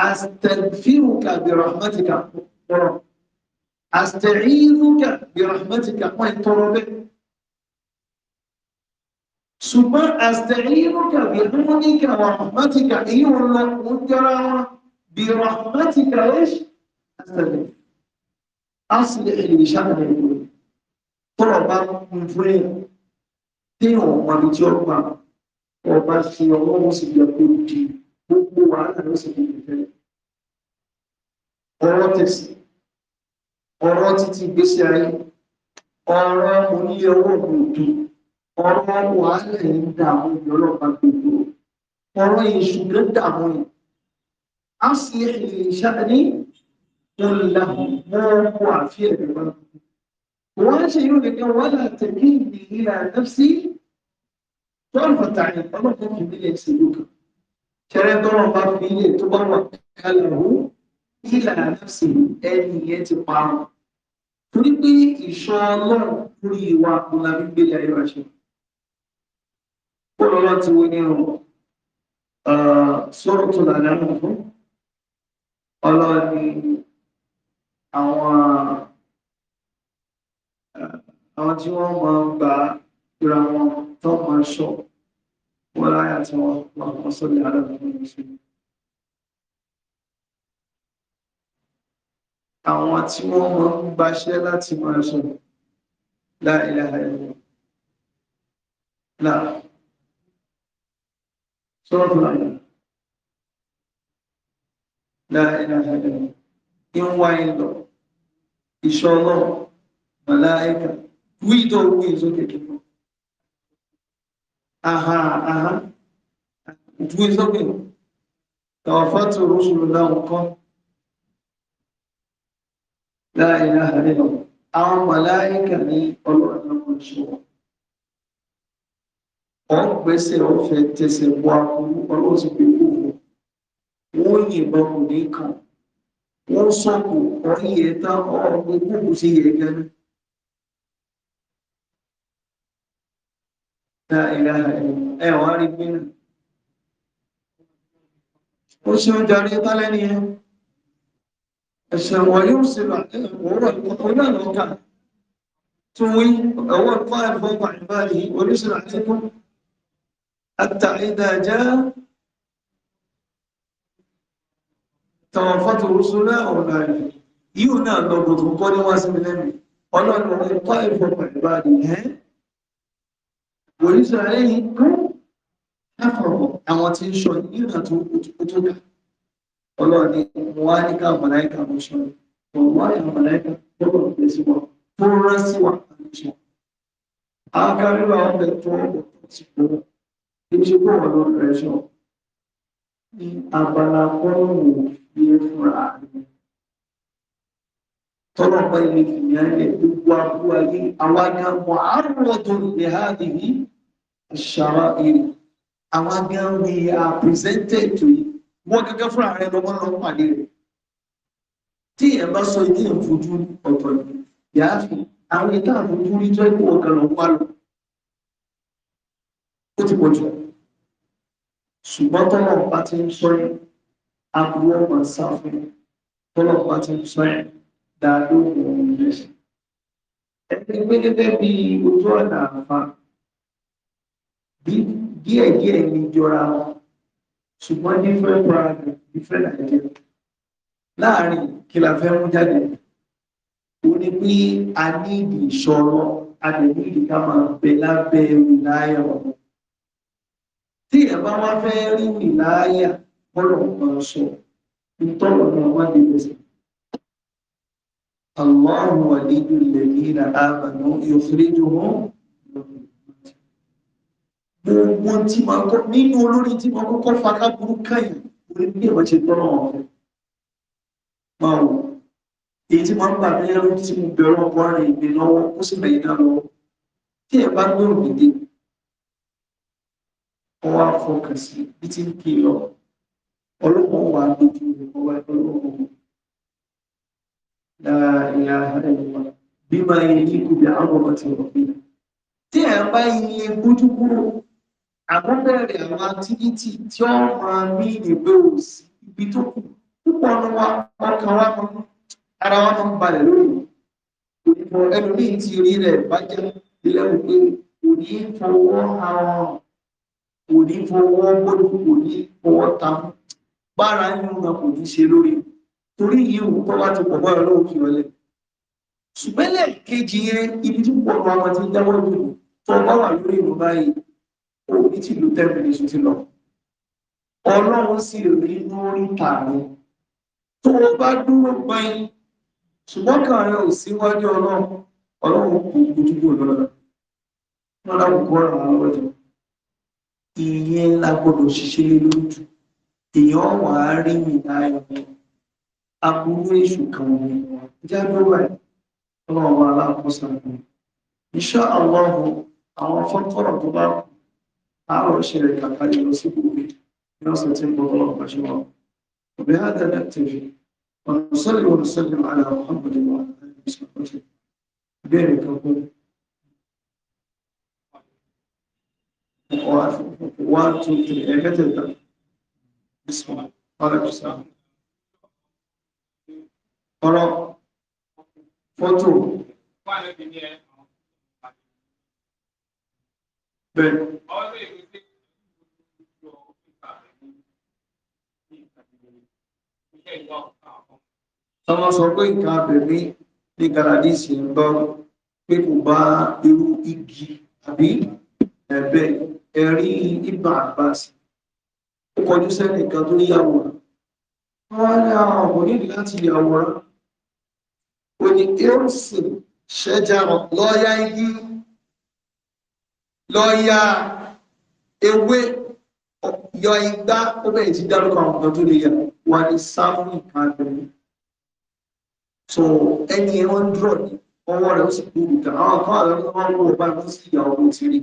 astagfiruka bí rọ́ọ̀mọ̀tìkà pọ̀rọ̀ astagfiruka bí rọ́ọ̀mọ̀tìkà wọ́n tọrọ bẹ́ẹ̀ ṣùgbọ́n astagfiruka bí rọ́ọ̀mọ̀tìkà wọ́n rọ́ọ̀mọ̀tìkà èyí wọn lọ jọra wọn bí rọ́ọ̀mọ̀tìkà lẹ́ṣin ṣẹlẹ̀ á sì lè èlò ìṣàlẹ̀ ìlú tọ́rọ̀ bá ń fún èèyàn tí ìwọ̀n wọn àti tí ó pa ọba ṣe ọwọ́ wọn sì yẹ kó di gbogbo wàhálà ló sì lè fẹ́ ọ̀rọ̀ tẹ̀sí ọ̀rọ̀ títí ìgbésí ayé ọ̀rọ̀ onílé owó òkùnkù ọ̀rọ̀ wàhálà ń dààmú ìyọlọ́pàá gbogbo ọ̀rọ̀ èṣù ló dààmú yìí sì lè ṣàlẹ̀ قل لهم ما هو في شيء يقول لك ولا تكلني إلى نفسي طرفة عين الله كان يميل يسلوك كان دور الله في لي توكله إلى نفسه أن يتقام torí pé ìṣọ́ ọlọ́run lórí ìwà ọ̀la gbígbélé ayé wa ṣe ó lọ́lọ́ ti wọ́n ní ọ̀rọ̀ sọ́rọ̀ tó lànà ọ̀hún ọlọ́run ni àwọn eh, àwọn tí wọ́n máa ń gba ìra wọn tó máa ṣọ́ wọ́n láyà tí wọ́n máa kọ́ sórí aláàbò mùsùlùmí. àwọn tí wọ́n máa ń gbaṣẹ́ láti máa sọ̀rọ̀ láìláha ẹ̀wọ̀n náà sọ̀rọ̀ tó láyà láìláha ẹ̀wọ̀n ń wáyé ìṣọ́ ọlọ́run màláìkà wíìdọ̀ owó ìsókè tó lọ àhà àhà ìdúró ìsókè tàwàfàtì oróṣùlù láwọn kan láàrin àárín lọ àwọn màláìkà ní ọlọ́run náà ṣe wọ́n ọ̀ ń gbẹ́sẹ̀ ọ̀fẹ́ tẹsẹ̀ bọ́ àkúrú ọlọ́sìn pé kò wọ́n yìnbọn kò ní kàn wọ́n sọ́kù ọ̀rí yẹ tán ọ̀rọ̀ gbogbo sí yẹ gẹ́nu. Ẹ wá rí pín náà. Ó ṣe ń darí tálẹ́ni ẹ. Ẹ̀ṣẹ̀ wọ̀ yóò ṣe bà ọ̀rọ̀ ìkọ̀kọ̀ náà lọ kà. Tún wí ọwọ́ fáìlì fọ́pàá ìbáyìí oníṣẹ́ àti tó. Àtàrídàjá tọ̀wọ̀n fọ́tò rúṣúlá ọ̀nà rẹ̀ yíò náà lọ gbogbo kọ́ ní wọ́n sí mi lẹ́nu ọlọ́run ẹ̀kọ́ ẹ̀fọ́ pẹ̀lú àdì ẹ́ wòlíṣọ́ ẹ̀yìn kọ́ láfọ̀rọ̀ àwọn tí ń sọ nígbà tó tó dà ọlọ́run ni mo wá ní ká mọ̀láìkà mo sọ mo wá ní mọ̀láìkà tó bọ̀ pẹ̀ sí wọn tó rán sí wà lórí sọ àkárí wa ń bẹ tó ọ̀pọ̀ sí wọn kí n ṣe kó wọn lọ rẹ̀ sọ ní abala kọ́ọ̀mù yẹn fúnra rẹ̀. Tọ́lọ̀ pa ilé ìyẹn lè gbogbo àbúrò ayé àwọn ni a mọ̀ àrùn tó lè ha nìyí Àwọn agan we are presented to you. Wọ́n gẹ́gẹ́ fúnra rẹ̀ lọ́wọ́ lọ́wọ́ pàdé rẹ̀. Tí èèyàn bá sọ ilé ìfojú ọ̀tọ̀ ni, yàá fi àwọn ìta àfojú rí jẹ́ ìwọ̀n kan lọ́wọ́ wà lọ. Ó ti pọ̀ jù. Ṣùgbọ́n tọ́lọ̀ bá ti ń sọ yẹn aburú ọmọ sáfún tọ́lọ̀ bá ti sọ ẹ̀ dá lóhùn ọ̀hún lẹ́sìn. ẹni pé gẹ́gẹ́ bí ojú ọ̀nà àfa díẹ̀díẹ̀ ní jọra wọn ṣùgbọ́n different product different idea láàárín kí la fẹ́ mú jáde ó ní pé a ní ìdí ìṣọ̀rọ̀ a lè ní ìdí ká máa bẹ lábẹ́ ìláyà ọ̀hún. tí ẹ̀ bọ́lọ̀ máa sọ ìtọ́lọ̀ náà wá ní ẹsẹ̀. Allahu waliyyu alladhina amanu yukhrijuhum gbogbo tí máa kọ́ nínú olórí tí máa kọ́kọ́ fata burú káyìn orí bí ẹ̀wọ̀n ṣe tọ́lọ̀ wọn fẹ́. Máa wò èyí tí máa ń bà mí lẹ́rú tí mo bẹ̀rù ọkọ̀ rẹ̀ ìgbé lọ́wọ́ ó sì bẹ̀yìn náà lọ́wọ́. Tí ẹ bá gbé òmìnir ọwọ́ àfọkànsí bí ti ń kí lọ́wọ́ ọlọ́pọ̀ wà lójú ìfọwọ́ ẹ̀kọ́lọ́pọ̀ láàrin àìwọ̀n bí máa yẹ kí kò bí àwọn ọmọ ti rọ̀ fílẹ̀ tí ẹ̀ bá iye bójú kúrò àkọ́bẹ̀rẹ̀ àwọn aktivity tí ó máa ní ìgbé òsì ibi tó kù púpọ̀ ọ̀nà wa ọkàn wa mọ́ ara wa máa ń balẹ̀ lórí ìfọ̀ ẹlòmíì ti rí rẹ̀ bàjẹ́ ilé òkè kò ní fọwọ́ àwọn kò ní fọwọ́ bójú kò ní fọwọ́ tamú bára ń múra kò ní ṣe lórí torí yíò tó bá ti pọ̀ bọ́ra lóhùn kí wọlé ṣùgbọ́n lẹ́ẹ̀kejì yẹn ibi tí pọ̀ lọ àwọn tí ń jáwọ́ lórí tó bá wà lórí ìlú báyìí ò ní ti lo ten minutes ti lọ ọlọ́run sì rí lórí tààrẹ tó o bá dúró gbọ́n ṣùgbọ́n kan rẹ ò síwájú ọlọ́run ọlọ́run kò gbójúgbò lọ́la wọn láwùjọ ọ̀rọ̀ àwọn ọjọ́ ìyẹn la gbọdọ̀ ṣiṣẹ́ lórí jù èèyàn wà á rí mi láàyò mi aburú èṣù kan mi jágbé wà lọ́wọ́ wa aláàkóso mi iṣẹ́ àwọn àwọn fọ́tọ̀rọ̀ tó bá kù àárọ̀ ṣe rẹ̀ kàkà lọ sí gbogbo ní ọ̀sẹ̀ tí ń bọ̀ lọ́wọ́ pàṣẹ wọn وبهذا نأتفي ونصلي ونسلم على محمد وعلى آله وصحبه وسلم بينك أقول one, two, three, ẹ̀mẹ́tẹ̀ẹ̀ta. Bismillah. Ọ̀rọ̀ fọ́tò. Bẹ́ẹ̀. Tọ́lá sọ pé nǹkan abẹ̀mí ní Galadísì ń bọ́ pé kò bá irú igi àbí ẹ̀bẹ̀ ẹ̀rí ibà àbáṣì. ó kọjú sẹ́nì kan tó níyàwó wọ́n ní àwọn ọ̀hún nílùú láti yàwòrán ó ní irúsì ṣẹ́jà lọ́ọ́yá igi lọ́ọ́yá ewé yọ igbá ó bẹ̀rẹ̀ ti dárúkọ àwọn kan tó lè yà wà ní sáfù ìkàbẹ̀rẹ̀ tó ẹni ẹ̀wọ̀n dúró ọwọ́ rẹ̀ ó sì kúrò kà àwọn kan àlọ́ tó wọ́n ń wọ̀ bá sì yà ọmọ tìrì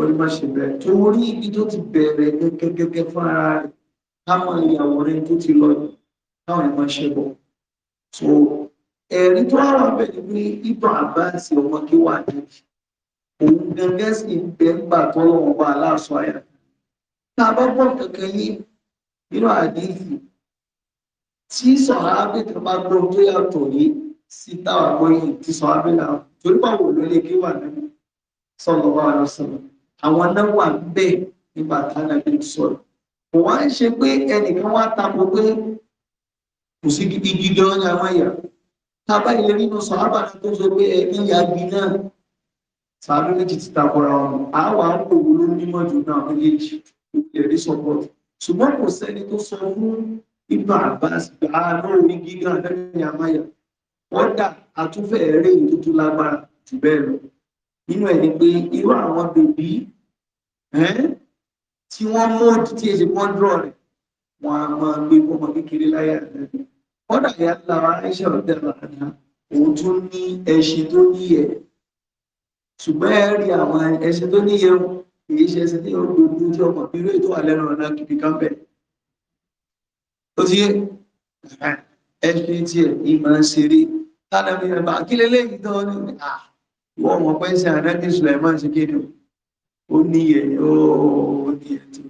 ó ní má ṣe bẹ́ẹ̀ torí ibi tó ti bẹ̀rẹ̀ gẹ́gẹ́gẹ́gẹ́ fún ara rẹ̀ káwọn ìyàwó rẹ̀ tó ti lọ káwọn ẹ̀ máa ṣe bọ̀ so ẹ̀rí tó wà wà bẹ́ẹ̀ ni ibà àbáǹsì ọmọ kí wà níbi òun gẹ́gẹ́ sì ń bẹ ń gbà tọ́lọ́ wọn bá aláṣọ àyà tá a bá bọ̀ kankan yín nínú àdéhì tí sọ̀hábì tó bá gbọ́ tó yàtọ̀ yìí sí táwọn àgbọ̀yìn tí sọ̀hábì náà torí báwo ló lè kí wà níbi sọ̀lọ́wọ́ àlọ́sọ̀lọ́ àwọn náà wà níbẹ̀ nígbà tánàbí sọ̀rọ̀ kò wá ń ṣe pé ẹnìkan wá tako pé kò sí gidi gidi ọ̀nà àwọn ẹ̀yà tábà ilé nínú sọ̀hábà tó sọ pé ẹni ìyá gbi náà sàárè méjì ti takora ọ̀nà àwọn àwọn òwò ló nímọ̀ jù náà méjèèjì òkè rí sọ̀pọ̀tù ṣùgbọ́n kò sẹ́ni tó sọ fún ibà Abbas gbà lórí ah, gíga lẹ́yìn àmáyà wọ́n dà àtúnfẹ́ eré ìtútù lágbára jù bẹ́ẹ̀ lọ nínú ẹ̀ ni pé irú àwọn bèbí tí wọ́n mọ́ọ̀dù tí èsì wọ́n dúró rẹ̀ wọ́n á máa gbé ọmọ kékeré láyé àtẹ́bí wọ́n dàbí alára iṣẹ́ ọ̀dẹ́ àná òun tún ní ẹṣin tó níyẹ ṣùgbọ́n ẹ rí àwọn ẹṣin tó níyẹ èyí ṣe ẹṣin tí ó gbogbo tí ọmọ bí irú ètò àlẹ́ náà náà kìkì kan bẹ̀. ó ti yé ẹṣin tiẹ̀ ìmọ̀ ń ṣeré tánàmì ẹ̀ bá kílẹ̀ lẹ́yìn tó ní à wọ́n mọ̀ pé ṣe ànábì Suleiman ṣe kí ni ó níyẹ ó níyẹ tí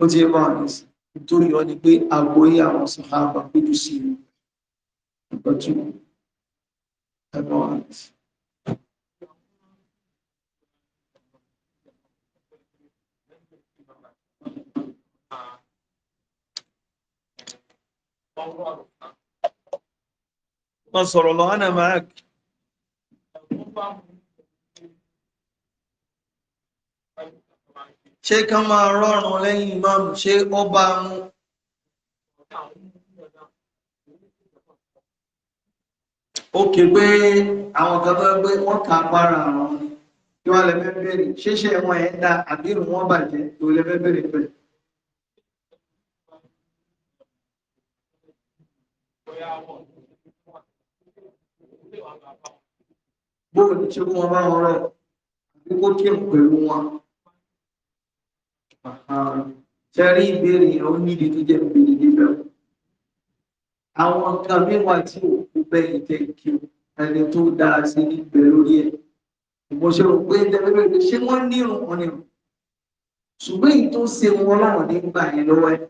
ó ti bá wọn sí nítorí wọn ni pé àgbóyé àwọn sàhábà péjú sí ìgbọ́jú ẹ̀bọ̀ àti. ما صلى الله أنا معك ṣé ká máa rọrùn lẹ́yìn ìmáàmù ṣé ó bá mú ó ké pé àwọn kan tó gbé wọ́n ta agbára àwọn ni kí wọ́n lè fẹ́ bẹ̀rẹ̀ ṣíṣe wọn ẹ̀ dá àbí ìrùn wọn bàjẹ́ tó lè fẹ́ bẹ̀rẹ̀ pẹ̀lú bóòlù ní ṣe kó wọn bá wọn rẹ àbí kó kí n pẹ̀lú wọn. ṣe rí ìbéèrè yẹn ó nídìí tó jẹ́ ìbéèrè níbẹ̀. àwọn nǹkan mẹ́wàá tí òkú bẹ́ẹ̀ jẹ́ kí ẹni tó dáa sí ní ìbẹ̀ lórí ẹ̀. mo ṣe rò pé ẹ̀ẹ́dẹ́gbẹ̀rẹ̀ ṣé wọ́n nírun wọn ni ṣùgbọ́n èyí tó ṣe wọn láwọn nígbà yẹn lọ́wọ́ ẹ̀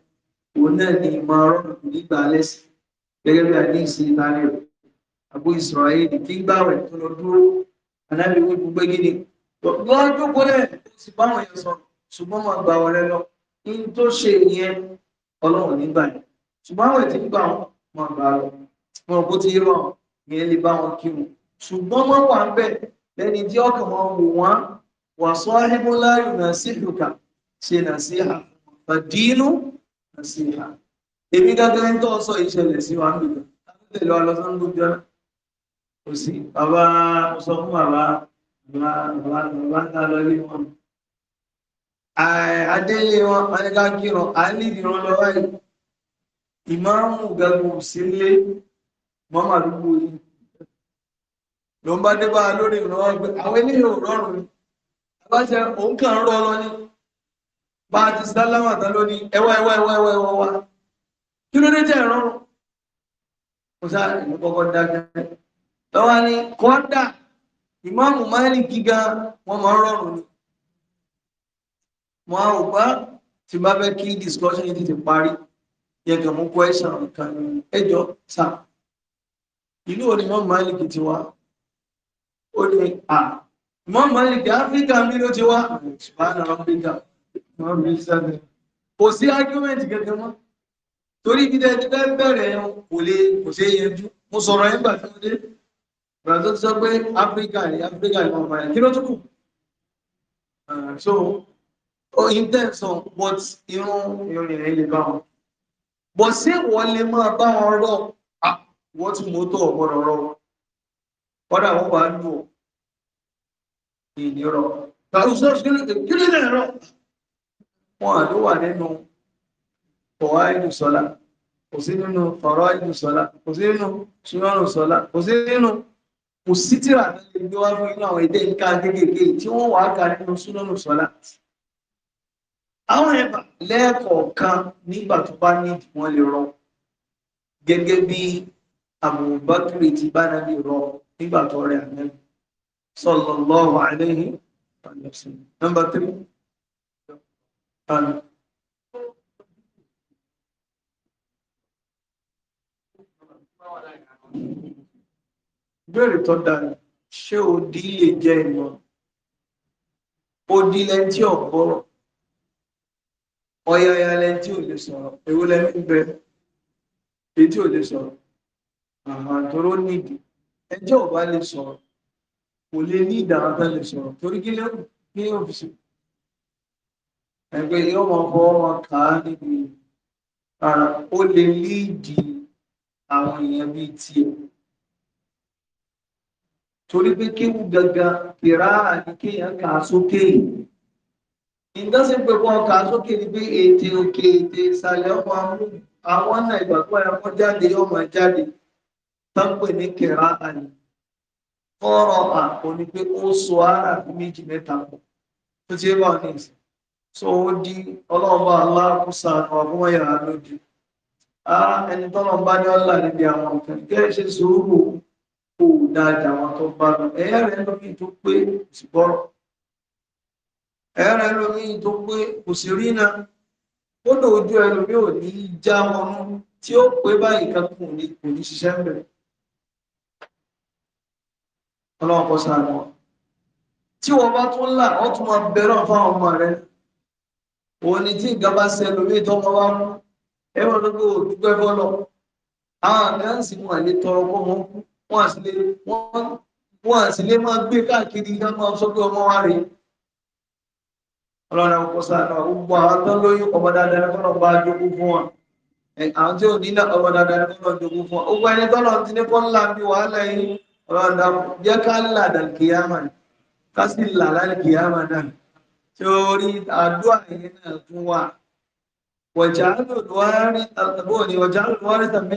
òun náà ni ìmọ̀ ọ̀rọ̀ nígbà alẹ́ sí gẹ́gẹ́ bí àdéhùn sí ìbálẹ̀ rẹ̀. Abu Israel tí ń gbàwẹ̀ tó lọ dúró aláriwo gbogbo gíní lọ́wọ́ jókòó lẹ̀ ó sì bá àwọn èèyàn sọ̀rọ̀ ṣùgbọ́n máa gba ọ̀rẹ́ lọ ní tó ṣe ìyẹn ọlọ́run nígbà yẹn ṣùgbọ́n àwọn ètò gbà wọn máa gbà lọ wọn kò ti rọ ìyẹn lè bá wọn kí wọn ṣùgbọ́n wọn wà ń bẹ̀ lẹ́ni tí ọkàn wọn wò wọ́n wà sọ ahébóláyò náà sí ìlúkà ṣe náà sí ìhà fàdínú náà sí ìhà èmi gángan tó sọ ìṣẹ̀lẹ̀ sí wa ń bẹ̀rẹ̀ kò sí bàbá mo sọ fún bàbá bàbá bàbá ń ta lọ ilé wọn adélé wọn wọn ní ká kírun à ń nídìí wọn lọ báyìí ìmáàmù gàgbò sílé mọ́mà àdúgbò yìí ló ń bá dé bá lórí ìrànwọ́ gbé àwọn eléyìí ò rọrùn ni abáṣẹ òun kàn ń rọ lọ ní bá a ti sálámà tán lóní ẹwà ẹwà ẹwà ẹwà ẹwà wa kí ló dé tẹ̀ rọrùn kò sáà ìlú kọ́kọ́ dákẹ́ lọ́wọ́ ni kọ́ńdà ìmáàmù máìlì gíga wọ́n máa ń rọrùn ni mo á rò bá tí bá fẹ́ kí discussion yìí ti parí yẹ kàn mú question kan ẹjọ́ sà ìlú òní ìmáàmù máìlì kì ti wá ó ní à ìmáàmù máìlì kì áfíríkà mi ló ti wá ṣùgbọ́n áfíríkà wọ́n mi sẹ́lẹ̀ kò sí argument gẹ́gẹ́ mọ́ torí ibi tẹ́ ti fẹ́ bẹ̀rẹ̀ kò lè kò ṣe é mo sọ̀rọ̀ yẹn tí mo dé brazil sọ pé africa ni africa ni wọn báyìí kí ló tún kù uh, so o intent so, but irun irun ìrìn lè bá wọn bọ̀ ṣé wọ́n lè máa bá wọn rọ̀ wọ́n tún mọ́tò ọ̀gbọ́dọ̀ rọ̀ ọ̀dà wọn wà lù ọ́ ìnirọ̀ tàbí sọ sí kí ló dẹ̀ rọ̀ wọn àdó wà nínú ọ̀wá ìlú sọ́lá kò sí nínú ọ̀rọ̀ ìlú sọ́lá kò sí nínú ṣùgbọ́n sọ́lá kò sí nínú kò sí tíra lè gbé wá fún inú àwọn èdè nǹka kéékèèké tí wọ́n wàá ka nínú súnánù sọ́lá àwọn ẹ̀bà lẹ́ẹ̀kọ̀ọ̀kan nígbà tó bá ní wọ́n lè rọ gẹ́gẹ́ bí àbùbákìrì ti bá náà lè rọ nígbà tó rẹ̀ àná sallallahu alayhi wa sallam number three Thank you ìbéèrè tó dára ṣé odi lè jẹ ìmọ̀ odi lẹni tí ò gbọ́rọ̀ ọ̀yàyà lẹni tí ò lè sọ̀rọ̀ èwo lẹni ń bẹ èyí tí ò lè sọ̀rọ̀ àwọn àtọrọ nídìí ẹjọ́ ò bá lè sọ̀rọ̀ kò lè ní ìdáhà tó lè sọ̀rọ̀ torí kí lè ní òfìsì ẹgbẹ́ yóò máa fọ ọmọ kà á níbi ó lè lídìí àwọn èèyàn bíi tiẹ̀ torí pé kéwú gangan ìrá àdíkéyàn kà sókè ìdásí pé wọn kà sókè ni pé ètè òkè ètè ìsàlẹ̀ ọmọ amú àwọn náà ìgbàgbọ́ ẹ̀kọ́ jáde ọmọ jáde tó ń pè ní kẹrà àní fọ́rọ̀ àpò ni pé ó so ara fún méjì mẹ́ta pọ̀ tó ti bá ní ìsìn so ó di ọlọ́ọ̀bá aláàkúsà ọ̀gbọ́n yàrá lójú ah, ẹni tọ́lọ̀ bá ní ọ̀là níbi àwọn nǹkan kẹ́ ẹ ṣe sùúrù kó o dáadáa àwọn tó bá lọ ẹ̀yà rẹ̀ lómi tó pé kò sí gbọ́rọ̀ ẹ̀yà rẹ̀ lómi tó pé kò sí rínà ó lò ojú ẹlòmí ò ní já wọnú tí ó pé báyìí kankan ní kò ní ṣiṣẹ́ ń bẹ̀rẹ̀ ọlọ́wọ́n kọ́ sáà lọ tí wọ́n bá tún là ọ́ tún máa bẹ̀rẹ̀ fáwọn ọmọ rẹ̀ òun ni tí nǹkan bá ṣe ẹlòmí tọ́mọ bá mú ẹ̀rọ ló gbé òdúgbẹ́ bọ́ lọ àwọn àmì àǹsì wọn lè tọrọ kó wọn kú wọ́n sì lè wọ́n sì lè máa gbé káàkiri ká máa sọ pé ọmọ wa rèé ọlọ́run àwọn kọsánà gbogbo àwọn tó lóyún ọmọ dáadáa ní kọ́nà bá jogún fún wọn àwọn tí ò ní náà ọmọ dáadáa ní kọ́nà jogún fún wọn ó gba ẹni tọ́lọ̀ ti ní kọ́nà láàbí wàhálà yìí ọlọ́run dá jẹ́ ká là dàlùkìyàmà ká sì là lálùkìyàmà náà tí ó rí àdúrà yìí náà fún wa wọ̀jà lòdùwárí tàbí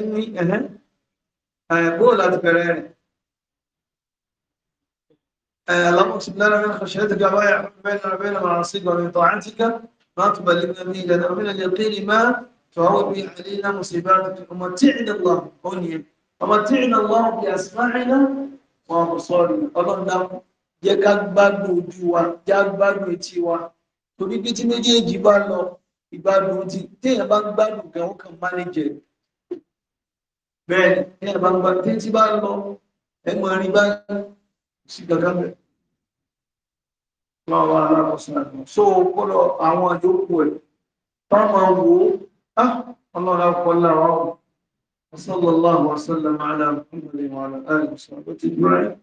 bó láti bẹ̀rẹ̀ rẹ̀ اللهم اكتب لنا من خشيتك ما يحكم بيننا وبين معاصيك ومن طاعتك ما تبلغنا به لنا ومن اليقين ما فهو به علينا مصيبات ومتعنا الله قولهم ومتعنا الله بأسماعنا وأبصارنا اللهم دعونا jẹ́ ká gbádùn ojú wa já gbádùn etí wa torí bí tí méjèèjì bá lọ ìgbádùn ti téèyàn bẹ́ẹ̀ ní ẹ̀bàǹgbà tí tí bá lọ ẹgbọ́n rí bá sí kankan bẹ́ẹ̀ lọ́wọ́ alákọ̀ọ́sán so kọ́lọ̀ àwọn àjókù ẹ̀ bá máa wò ó ah, ọlọ́ra kọlá wa wò وصلى الله وسلم على محمد وعلى اله وصحبه اجمعين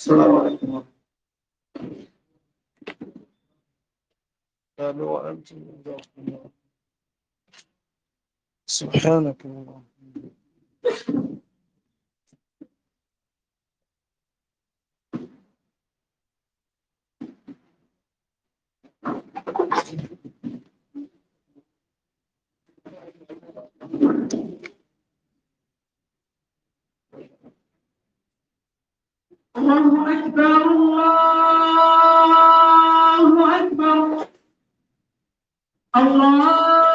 السلام عليكم ورحمه الله وانتم سبحانك اللهم الله أكبر الله أكبر الله